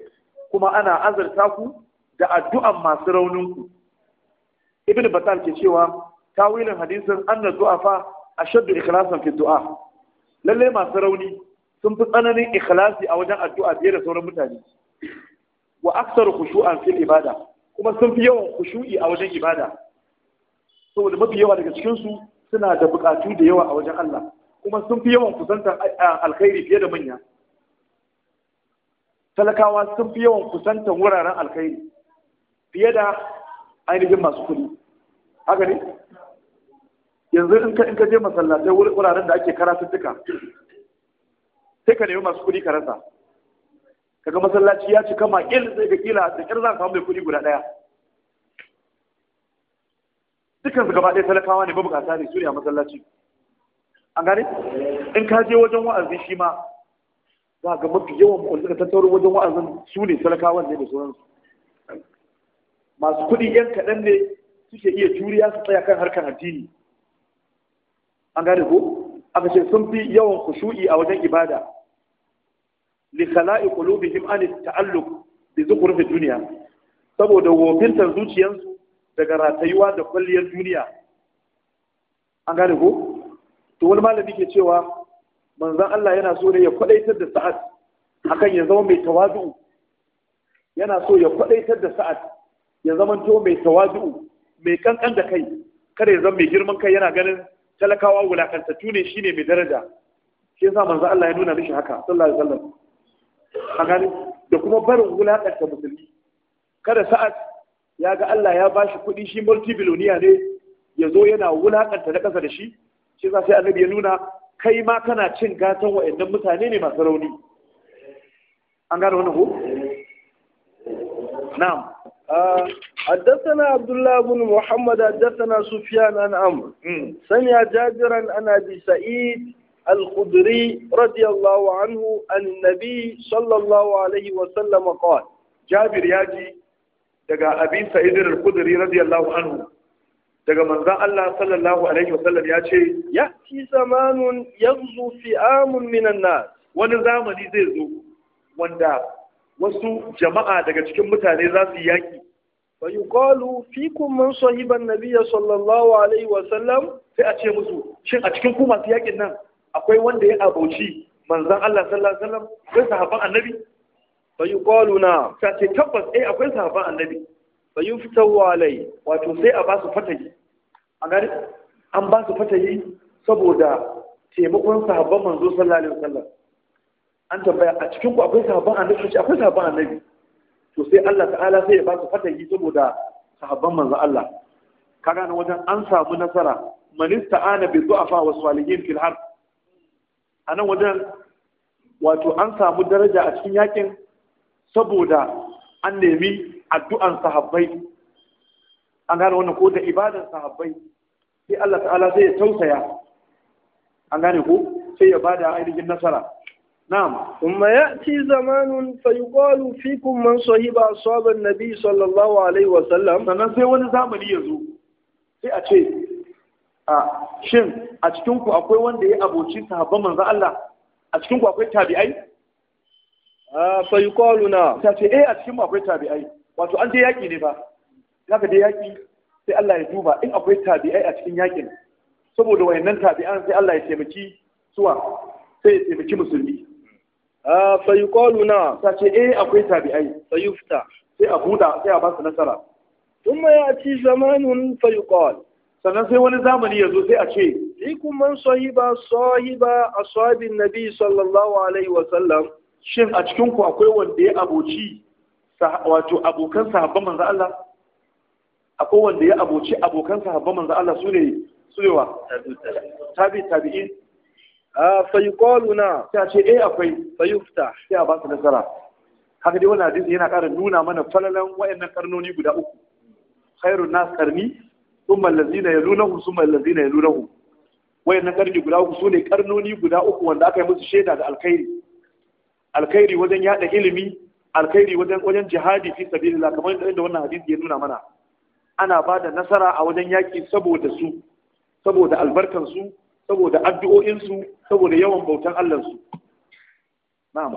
kuma ana azarta ku da addu'an masu rauninku. ku ibn batal ke cewa tawilin hadisin anna du'afa ashaddu ikhlasan fi du'a lalle masu rauni sun fi tsananin ikhlasi a wajen addu'a fiye da sauran mutane wa aksar khushu'an fil ibada kuma sun fi yawan khushu'i a wajen ibada saboda mafi yawa daga cikin su suna da bukatu da yawa a wajen Allah kuma sun fi yawan kusantar alkhairi fiye da manya talakawa sun fi yawan kusantar wuraren alkhairi fiye da ainihin masu kuɗi haka ne yanzu in ka in ka je masallatai wuraren da ake duka, sai ka nemi masu kuɗi ka rasa kaga masallaci ya kama il sai ka kila da kyar za ka samu mai kuɗi guda ɗaya dukkan su gaba ɗaya talakawa ne mabukata ne su ne a masallaci an gane in ka je wajen wa'azi shi ma za ga mafi yawan wanda ka tattauro wajen wa'azin su ne talakawan ne da sauransu masu kuɗi yan kaɗan ne suke iya juriya su tsaya kan harkar addini an gane ko a kashe sun fi yawan shu’i a wajen ibada li khala'i qulubihim an ta'alluq bi fi dunya saboda wofintar zuciyarsu daga ratayuwa da kwalliyar duniya an gane ko to wani malami ke cewa manzon Allah yana so ne ya kwadaitar da sa'ad akan ya zama mai tawazu yana so ya kwadaitar da sa'ad ya zama to mai tawazu mai kankan da kai kada ya zama mai girman kai yana ganin talakawa wulakantattu ne ne mai daraja shi yasa manzo Allah ya nuna mishi haka sallallahu alaihi wasallam a gani da kuma barin wulakanta musulmi kada sa'ad ya ga Allah ya bashi kuɗi shi multibiloniya ne ya zo yana wulakanta na ƙasa da shi shi yasa sai annabi ya nuna kai ma kana cin gatan wa'annan mutane ne masu rauni an gane wannan ko na'am حدثنا عبد الله بن محمد حدثنا سفيان عن عمرو سمع جابرا عن ابي سعيد الخدري رضي الله عنه عن النبي صلى الله عليه وسلم قال جابر ياجي daga abin sa'idin al-kudri radiyallahu anhu daga manzon Allah sallallahu alaihi wasallam ya ce ya ti zamanun yanzu fi amun minan nas wani zamani zai zo wanda wasu jama'a daga cikin mutane za su yaki wa yuqalu fikum man sahiba na nabiy sallallahu alaihi wa sallam sai a ce musu shin a cikin ku masu yakin nan akwai wanda ya abauci manzan Allah sallallahu alaihi wa sallam akwai sahaban annabi Bayu yuqalu na sai ce tabbas eh akwai sahaban annabi fitar wa alai wato sai a ba su fatayi a gani an ba su fatayi saboda taimakon sahaban manzo sallallahu alaihi wa sallam an tambaya a cikin ku akwai sahabban annabi akwai sahabban annabi to sai Allah ta'ala sai ya ba su fatahi saboda sahabban manzo Allah ka gane wajen an samu nasara man ista'ana bi du'afa wa salihin fil harb anan wajen wato an samu daraja a cikin yakin saboda an nemi addu'an sahabbai an gane wannan ko da ibadan sahabbai sai Allah ta'ala sai ya tausaya an gane ko sai ya bada ainihin nasara نعم ثم يأتي زمان فيقال فيكم من صهب أصحاب النبي صلى الله عليه وسلم sannan sai wani zamani ya zo sai a ce a shin a cikinku akwai wanda ya aboci sahabban manzo Allah a cikinku akwai tabi'ai a fa yuqalu na ta ce eh a cikin mu akwai tabi'ai wato an je yaki ne fa zaka dai yaki sai Allah ya duba in akwai tabi'ai a cikin yakin saboda wayannan tabi'an sai Allah ya taimaki suwa sai ya taimaki musulmi Ah, fa yuqalu na ta ce eh akwai tabi'ai fa fita sai a huda sai a ba su nasara ya ci zamanun fa yuqal sannan sai wani zamani ya zo sai a ce likum man sahiba sahiba sahibin nabi sallallahu alaihi wa sallam shin a cikin ku akwai wanda ya aboci wato abokan sahabban manzo Allah akwai wanda ya aboci abokan sahabban manzo Allah su ne su ne wa tabi tabi'in Ah, fayuqalu na ta ce eh akwai fayufta sai a ba su nasara haka dai wani hadisi yana ƙara nuna mana falalan wayannan karnoni guda uku khairun nas karni thumma allazina yalunahu thumma allazina yalunahu wayannan karni guda uku sune karnoni guda uku wanda aka yi musu shaida da alkhairi alkhairi wajen yada ilimi alkhairi wajen wajen jihadi fi sabilillah kamar yadda wannan hadisi ya nuna mana ana ba da nasara a wajen yaki saboda su saboda albarkansu saboda addu'o'insu saboda yawan bautan Allahnsu na'am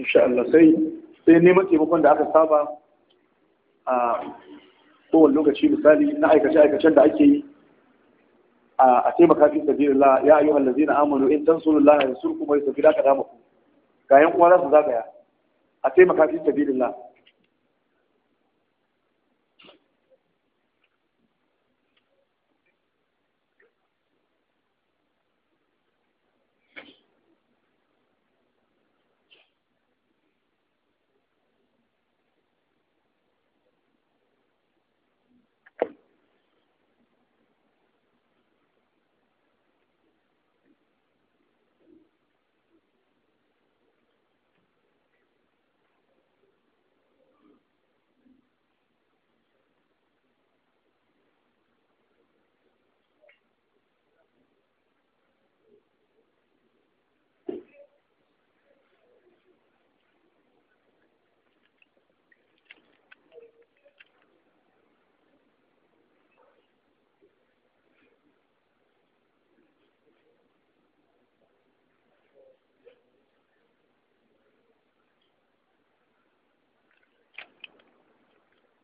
insha Allah sai sai neman taimakon da aka saba a kowane lokaci misali na aikace-aikacen da ake yi a taimaka fi sabilillah ya ayyuhal na amanu in tansurullaha yansurkum wa yusabbir lakum qadamakum ga yan uwa za su zagaya a taimaka fi sabilillah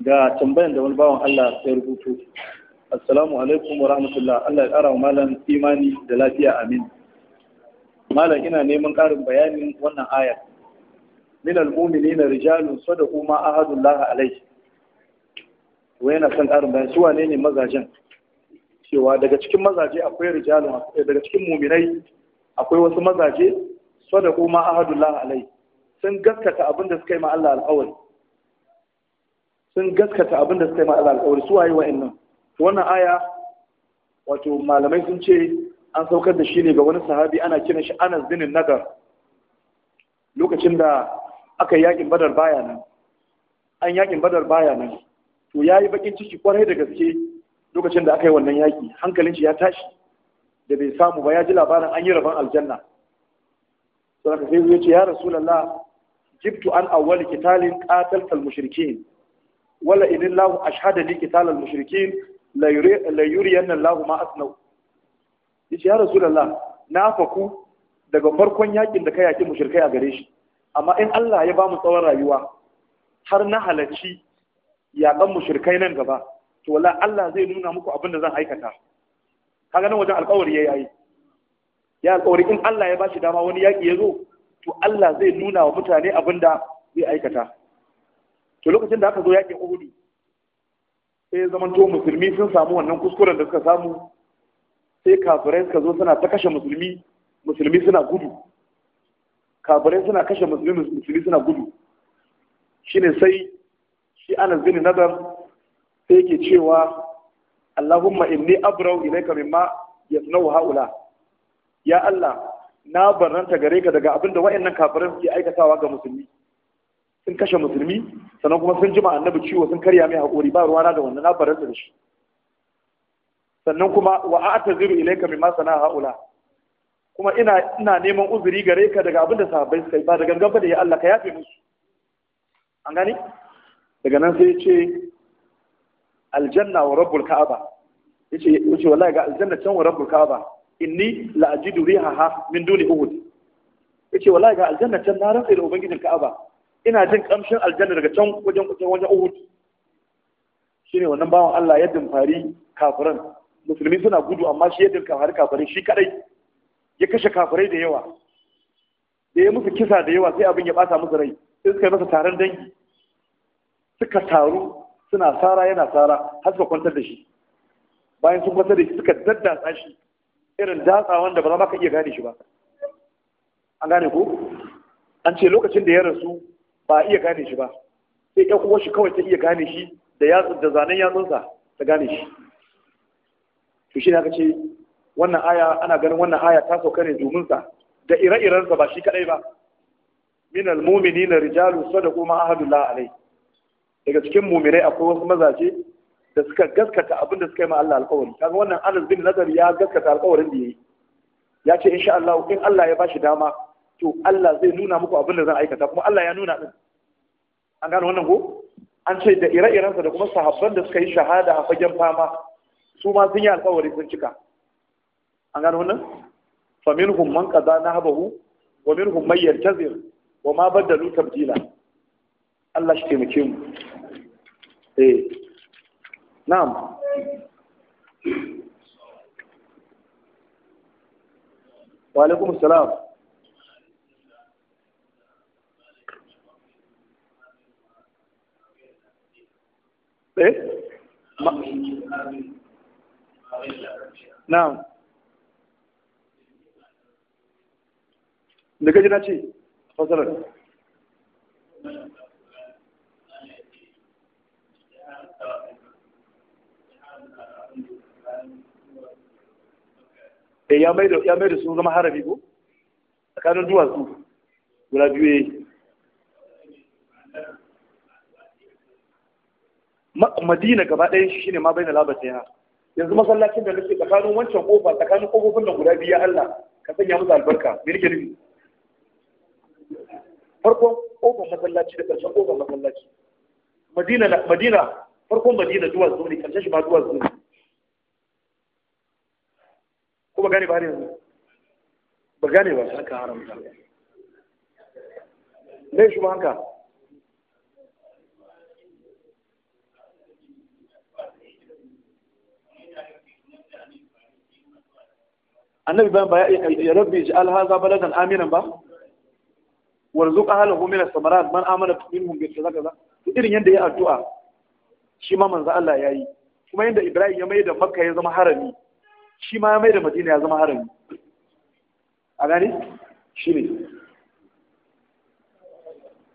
ga tambayan da wani bawan Allah ya rubuto assalamu alaikum wa rahmatullah Allah ya ƙara malam imani da lafiya amin malam ina neman ƙarin bayanin wannan ayar min almu'minina rijalun sadaqu ma ahadullah alayhi wa yana son ƙarin bayani su wane ne mazajen cewa daga cikin mazaje akwai rijalun eh, daga cikin muminai akwai wasu mazaje sada ma ahadullah alai sun gaskata abin da suka yi ma Allah alƙawari sun gaskata abin da suka yi ma Allah alƙawari su waye wa'annan wannan aya wato malamai sun ce an saukar da shi ne ga wani sahabi ana kiran shi Anas bin Nadar lokacin da aka yi yakin Badar baya nan an yakin Badar baya nan to yayi bakin ciki kwarai da gaske lokacin da aka yi wannan yaƙi hankalin shi ya tashi da bai samu ba ya ji labarin an yi rabon aljanna sai aka sai ya ce ya rasulullah jibtu an awwal qitalin qatalta al-mushrikeen wala idin lahu ashhada li qital al-mushrikeen la yuri la yuri anna lahu ma asnau yace ya rasulullah na faku daga farkon yakin da ka yaki mushrikai a gare shi amma in Allah ya ba mu tsawon rayuwa har na halacci yaƙan mushrikai nan gaba to wallahi Allah zai nuna muku abin da zan aikata kaga nan wajen alƙawari yayi yayi ya alƙawari in Allah ya bashi dama wani yaƙi ya zo to Allah zai nuna wa mutane abin da zai aikata to lokacin da aka zo yaƙin Uhud sai zamanto musulmi sun samu wannan kuskuren da suka samu sai kafirai suka zo suna ta kashe musulmi musulmi suna gudu kafirai suna kashe musulmi musulmi suna gudu shine sai shi Anas zini nazar sai yake cewa Allahumma inni abrau ilayka mimma yasnau haula ya Allah na barranta gare ka daga abin da wa'annan kafirai suke aikatawa ga musulmi sun kashe musulmi sannan kuma sun jima annabi ciwo sun karya mai haƙuri ba ruwana da wannan na barranta da shi sannan kuma wa a'taziru ilayka mimma sana haula kuma ina ina neman uzuri gare ka daga abin da sahabbai suka yi ba da gangan ba da ya Allah ka yafe musu an gani daga nan sai ya ce aljanna wa rabbul ka'aba yace yace wallahi ga aljanna can wa rabbul ka'aba inni la ajidu rihaha min duni uhud yace wallahi ga aljanna can na rantsa da ubangijin ka'aba ina jin kamshin aljanna daga can wajen wajen uhud shine wannan bawan Allah ya fari kafiran musulmi suna gudu amma shi ya fari kafirai shi kadai ya kashe kafirai da yawa da ya musu kisa da yawa sai abin ya bata musu rai sai suka yi masa taron dangi suka taru suna tsara yana tsara har suka kwantar da shi bayan sun kwantar da shi suka daddatsa shi irin datsa wanda ba za ka iya gane shi ba an gane ko an ce lokacin da ya rasu ba a iya gane shi ba sai ya uwar shi kawai ta iya gane shi da zanen yatsunsa ta gane shi to shi ne ce wannan aya ana ganin wannan aya ta sauka ne domin sa da ire-irensa ba shi kadai ba min al-mu'minina rijalu sadaqu ma ahadullah alai daga cikin mumirai akwai wasu mazaje da suka gaskata abin da suka yi ma Allah alƙawari kaga wannan Anas bin Nadar ya gaskata alƙawarin da yayi ya ce insha Allah in Allah ya bashi dama to Allah zai nuna muku abin da zan aikata kuma Allah ya nuna din an gano wannan ko an ce da ire-irensa da kuma sahabban da suka yi shahada a fagen fama su ma sun yi alƙawari sun cika an gano wannan fa minhum man qada nahbahu wa minhum man yantazir wa ma badalu tabdila Allah shi taimake mu eh na'am wa alaikum salam eh na'am da gaji na ce fasarar eh ya mai da sun zama harabi ko tsakanin duwatsu guda biyu yi eh. madina gaba ɗayan shi shine ma labar abatayn yanzu masallacin da nake tsakanin wancan kofa tsakanin kofofin da guda biyu ya Allah ka sanya musu albarka mai nake nufi farkon kofar masallaci da ƙarshen kofar masallaci madina farkon madina duwatsu ne ƙarshen shi ma duwatsu ne ko ba gane ba har yanzu ba gane ba haka haramta ne shi ma haka annabi ban ba ya rabbi ji alhaza baladan aminan ba warzuq ahlahu min as-samarat man amana minhum bi kaza kaza to irin yanda ya addu'a shi ma manzo Allah yayi kuma yanda Ibrahim ya mai da Makka ya zama harami shi ma ya mai da madina ya zama harami a gani? shi ne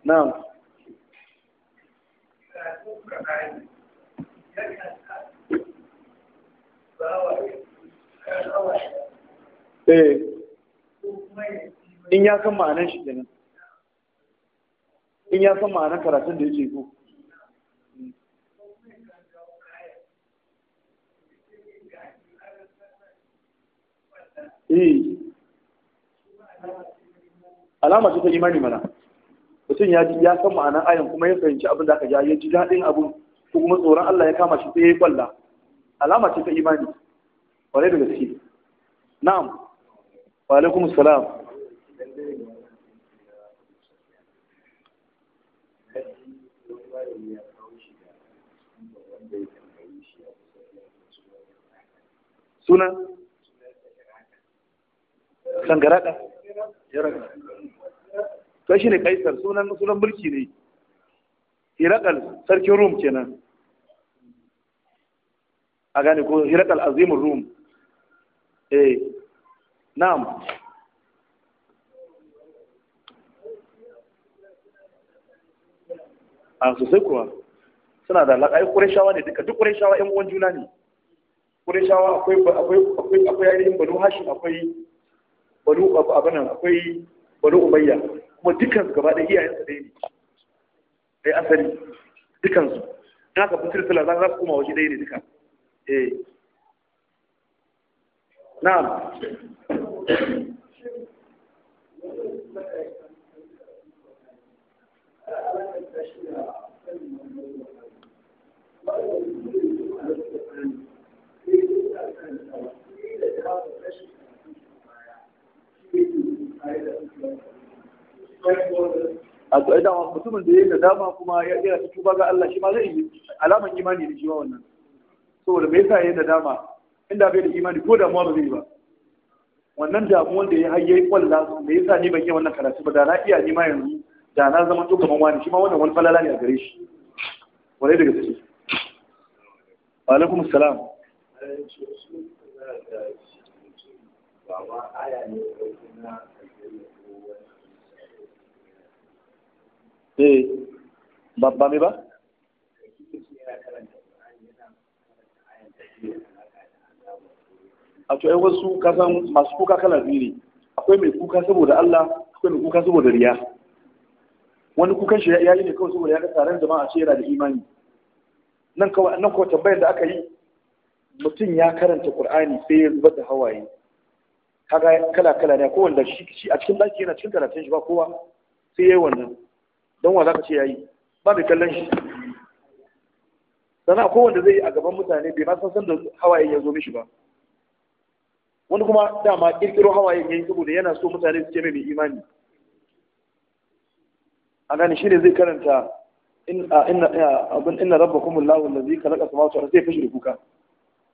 na eh. in ya san ma'anar shi ne. in ya san ma'anar karatun da yake ko Eh. alama ce ta imani mana mutum ya ya san ma'anar ayin kuma ya fahimci abin da aka ja ya ji daɗin abin ko kuma tsoron Allah ya kama shi sai ya yi kwalla alama ce ta imani kwarai da gaske na'am wa alaikum salam sunan sangaraɗa to shi ne kaisar sunan sunan mulki ne hirakal sarkin rum kenan a gane ko hirakal azimin rum eh na'am a sosai kuwa suna da alaƙa ai shawa ne duka duk shawa 'yan uwan juna ne shawa akwai akwai akwai akwai ainihin banu hashim akwai banu abinan akwai banu umayya kuma dukansu gaba da iyayensa ɗaya ne ɗai asali dukansu in aka fi silsila za su koma waje dai ne duka eh na'am dama mutumin da ya da dama kuma ya iya ta tuba ga Allah shi ma zai yi alaman imani da shi ma wannan saboda me yasa ya yi da dama inda bai da imani ko damuwa ba zai yi ba wannan damuwan da ya hayyai kwalla me yasa ni ban yi wannan karatu ba da na iya ni ma yanzu da na zama to kamar wani shi ma wannan wani falala ne a gare shi wani daga ciki wa alaikum salam ba aya ne na eh ba ba me ba a to ai wasu kasan masu kuka kala biyu ne akwai mai kuka saboda Allah akwai mai kuka saboda riya wani kukan shi ya yi ne kawai saboda ya ga taron jama'a ce yana da imani nan kawai nan kawai tambayar da aka yi mutum ya karanta Qur'ani sai ya zubar da hawaye kaga kala kala ne kowanne shi a cikin daki yana cikin karatun shi ba kowa sai yayi wannan don wa za ka ce ya yi ba mai kallon shi sana ko wanda zai yi a gaban mutane bai ma san san da hawaye ya zo mishi ba wani kuma dama kirkiro hawaye ya yi saboda yana so mutane su ce mai imani a gani shi ne zai karanta abin inna rabba kuma lawon da zai kalaka su masu zai fashe da kuka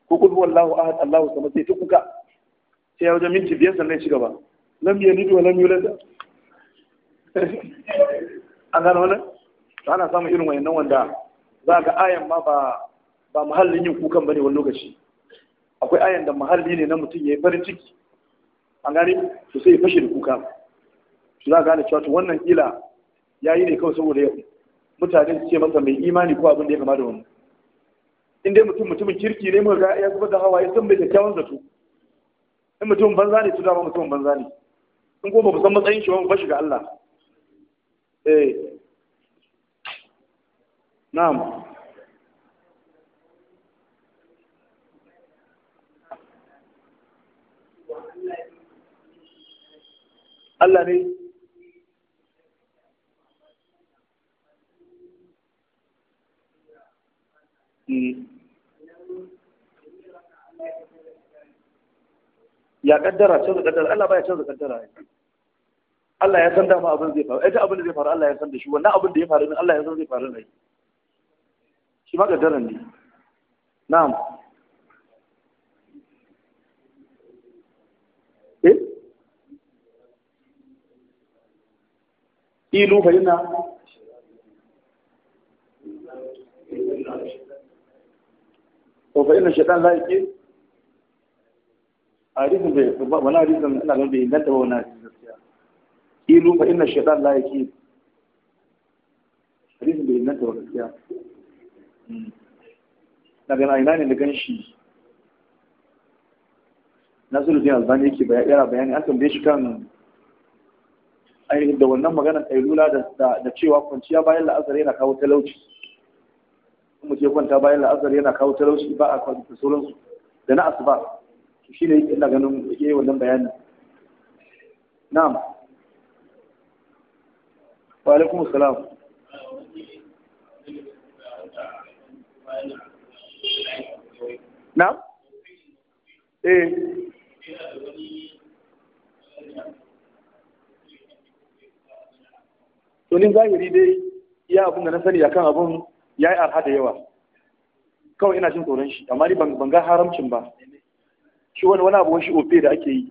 ko kudu wallahu ahad allahu sama sai ta kuka sai ya wajen minti biyar sannan ya ci gaba lam yalid wa lam yulad an gano nan to ana samun irin wayannan wanda za ga ayan ma ba ba muhallin yin kukan bane wani lokaci akwai ayan da muhalli ne na mutum ya yi farin ciki an gane to sai ya fashe da kuka to za gane cewa to wannan kila ya yi ne kawai saboda yau mutane su ce masa mai imani ko abin da ya kama da wannan in dai mutum mutumin kirki ne muka ga ya zubar da hawaye san mai kyakkyawan zato in mutumin banza ne to da mutumin banza ne in ko ba ku san matsayin shi ba mu bashi ga Allah ايه نعم الذي يا قدر الله قدر الله باي قدر الله Allah ya san dama abin zai faru ita abin da zai faru Allah ya san da shi wannan abin da ya faru Allah ya san zai faru ne shi ma kaddaran ne na'am eh ilu fa to fa shaitan la yake hadisin bai wani hadisin ina ganin bai inganta ba wani hadisin gaskiya ilu fa inna shaitan la yakil hadisin bai nan da gaskiya daga na ina ne da ganshi Nasiruddin Albani yake yana bayani an tambaye shi kan ainihin da wannan maganar kailula da cewa kwanciya bayan la'azar yana kawo talauci kuma je kwanta bayan la'azar yana kawo talauci ba a kwanta sauransu da na asuba shi ne ina ganin yake wannan bayanin na'am wa alaikum na eh zahiri dai ya abin da na sani akan abin ya yi arha da yawa kawai ina jin tsoron shi amma ni ban ga haramcin ba shi wani wani abu shi ofe da ake yi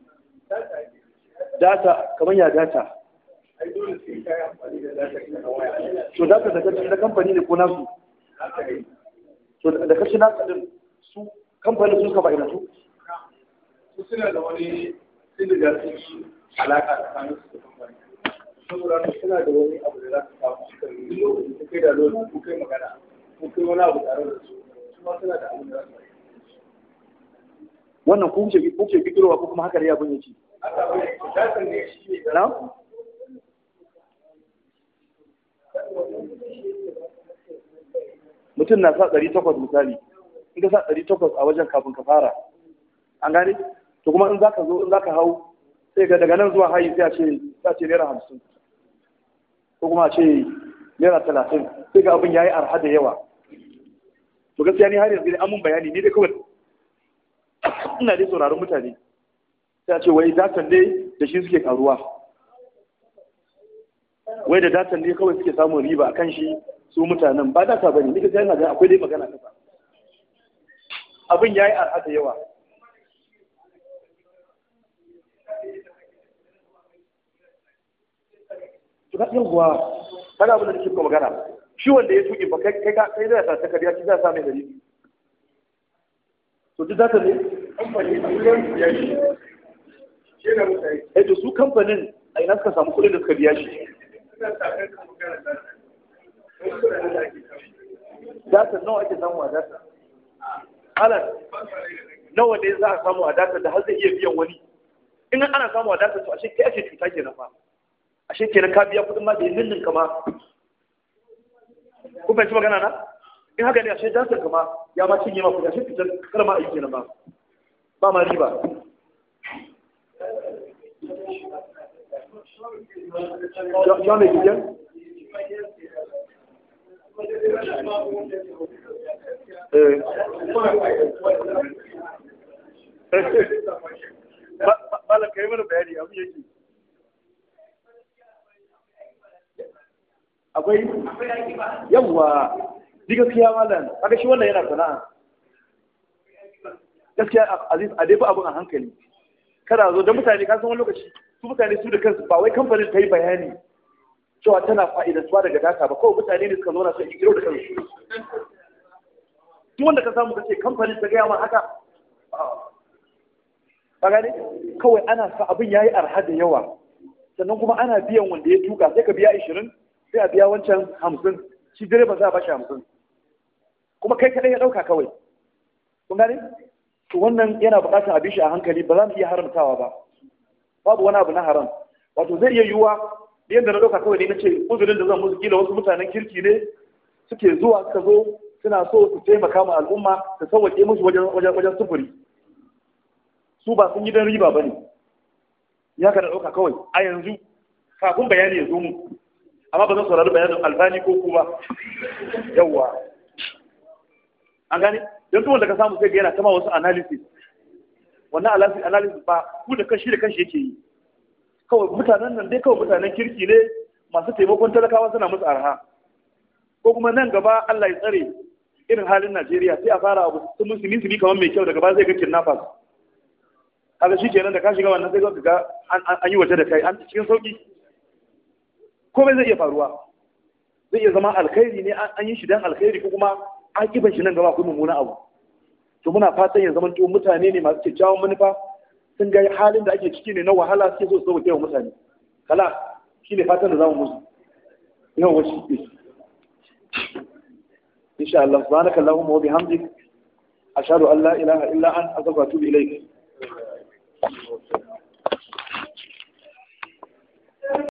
data kamar ya data to za ka daga na kamfani ne ko nasu to da kashi na kadin su kamfanin sun ka bayyana su su suna da wani sun da su alaka tsakanin su da kamfani saboda suna da wani abu da za su samu su kan yi lokacin da kai da lokacin ko kai magana ko kai wani abu tare da su Su ma suna da abu da za su wannan ko kuke fitowa ko kuma haka ne abin yake. Na? mutum na sa ɗari takwas misali in ka sa ɗari takwas a wajen kafin ka fara an gane to kuma in za ka zo in za ka hau sai ga daga nan zuwa hayi sai a ce sai ce naira hamsin ko kuma a ce naira talatin sai ga abin ya yi arha da yawa to gaskiya ni har yanzu an mun bayani ni dai kawai ina dai sauraron mutane sai a ce wai datan dai da shi suke karuwa wai da datan ne kawai suke samun riba a kan shi su mutanen ba data ba ne nika sai yana akwai dai magana kasa abin ya yi arha da yawa yawwa kana abin da nake kuma magana shi wanda ya tuki ba kai kai kai da ta saka ya ci za sa mai dari to duk zaka ne kamfani kullun ya shi shi da mutane eh to su kamfanin a ina suka samu kuɗin da suka biya shi data nawa ake samu a data ana nawa ne za a samu a data da har zai iya biyan wani in ana samu a data to ashe kai ake cuta kenan fa ashe kenan ka biya kuɗin ma da yin kama ku fahimci magana na in haka ne ashe data kama ya ma cinye ma kuɗi ashe cutar kar ma a yi kenan ba ba ma riba John Egidian? Eh. Malam kai mana bayani abu yake. Akwai? Yawwa, ji gaskiya malam, kaga shi wannan yana sana'a. Gaskiya Aziz, a dai abin a hankali. Kada zo, don mutane kasan wani lokaci su mutane su da kansu ba wai kamfanin ta yi bayani cewa tana suwa daga data ba kawai mutane ne suka zauna su kirkiro da kansu duk wanda ka samu kace kamfanin ta gaya ma haka ba gane kawai ana sa abin ya yi arha da yawa sannan kuma ana biyan wanda ya tuka sai ka biya ishirin sai a biya wancan hamsin, shi direba za a bashi hamsin. kuma kai kaɗai ya ɗauka kawai kun gane to wannan yana buƙatar a bi shi a hankali ba za mu iya haramtawa ba babu wani abu na haram wato zai iya yiwuwa yadda na ɗauka kawai ne na ce uzurin da zan musu kila wasu mutanen kirki ne suke zuwa suka zo suna so su taimaka ma al'umma su sauwaƙe musu wajen wajen sufuri su ba sun yi don riba ba ne ya ka ɗauka kawai a yanzu kafin bayani ya zo mu amma ba zan saurari bayanin albani ko kuma yawwa an gane don tuwon da ka samu sai ga yana kama wasu analysis wannan analysis ba ku da kashi da kashi yake yi kawai mutanen nan dai kawai mutanen kirki ne masu taimakon talakawa suna musu arha ko kuma nan gaba Allah ya tsare irin halin Najeriya sai a fara abu sun musulmi su bi kamar mai kyau daga ba zai ga kidnappers kaga shi kenan da ka shiga wannan sai ka ga an yi waje da kai an cikin sauki komai zai iya faruwa zai iya zama alkhairi ne an yi shi dan alkhairi ko kuma akiban shi nan gaba akwai mummunan abu to muna fatan ya zamanto mutane ne masu kyakkyawan manufa sun ga halin da ake ciki ne na wahala suke so su sauke wa mutane kala shi ne fatan da zamu musu yawan wasu insha Allah subhanaka allahumma wa bihamdik ashhadu an la ilaha illa anta astaghfiruka wa atubu ilayk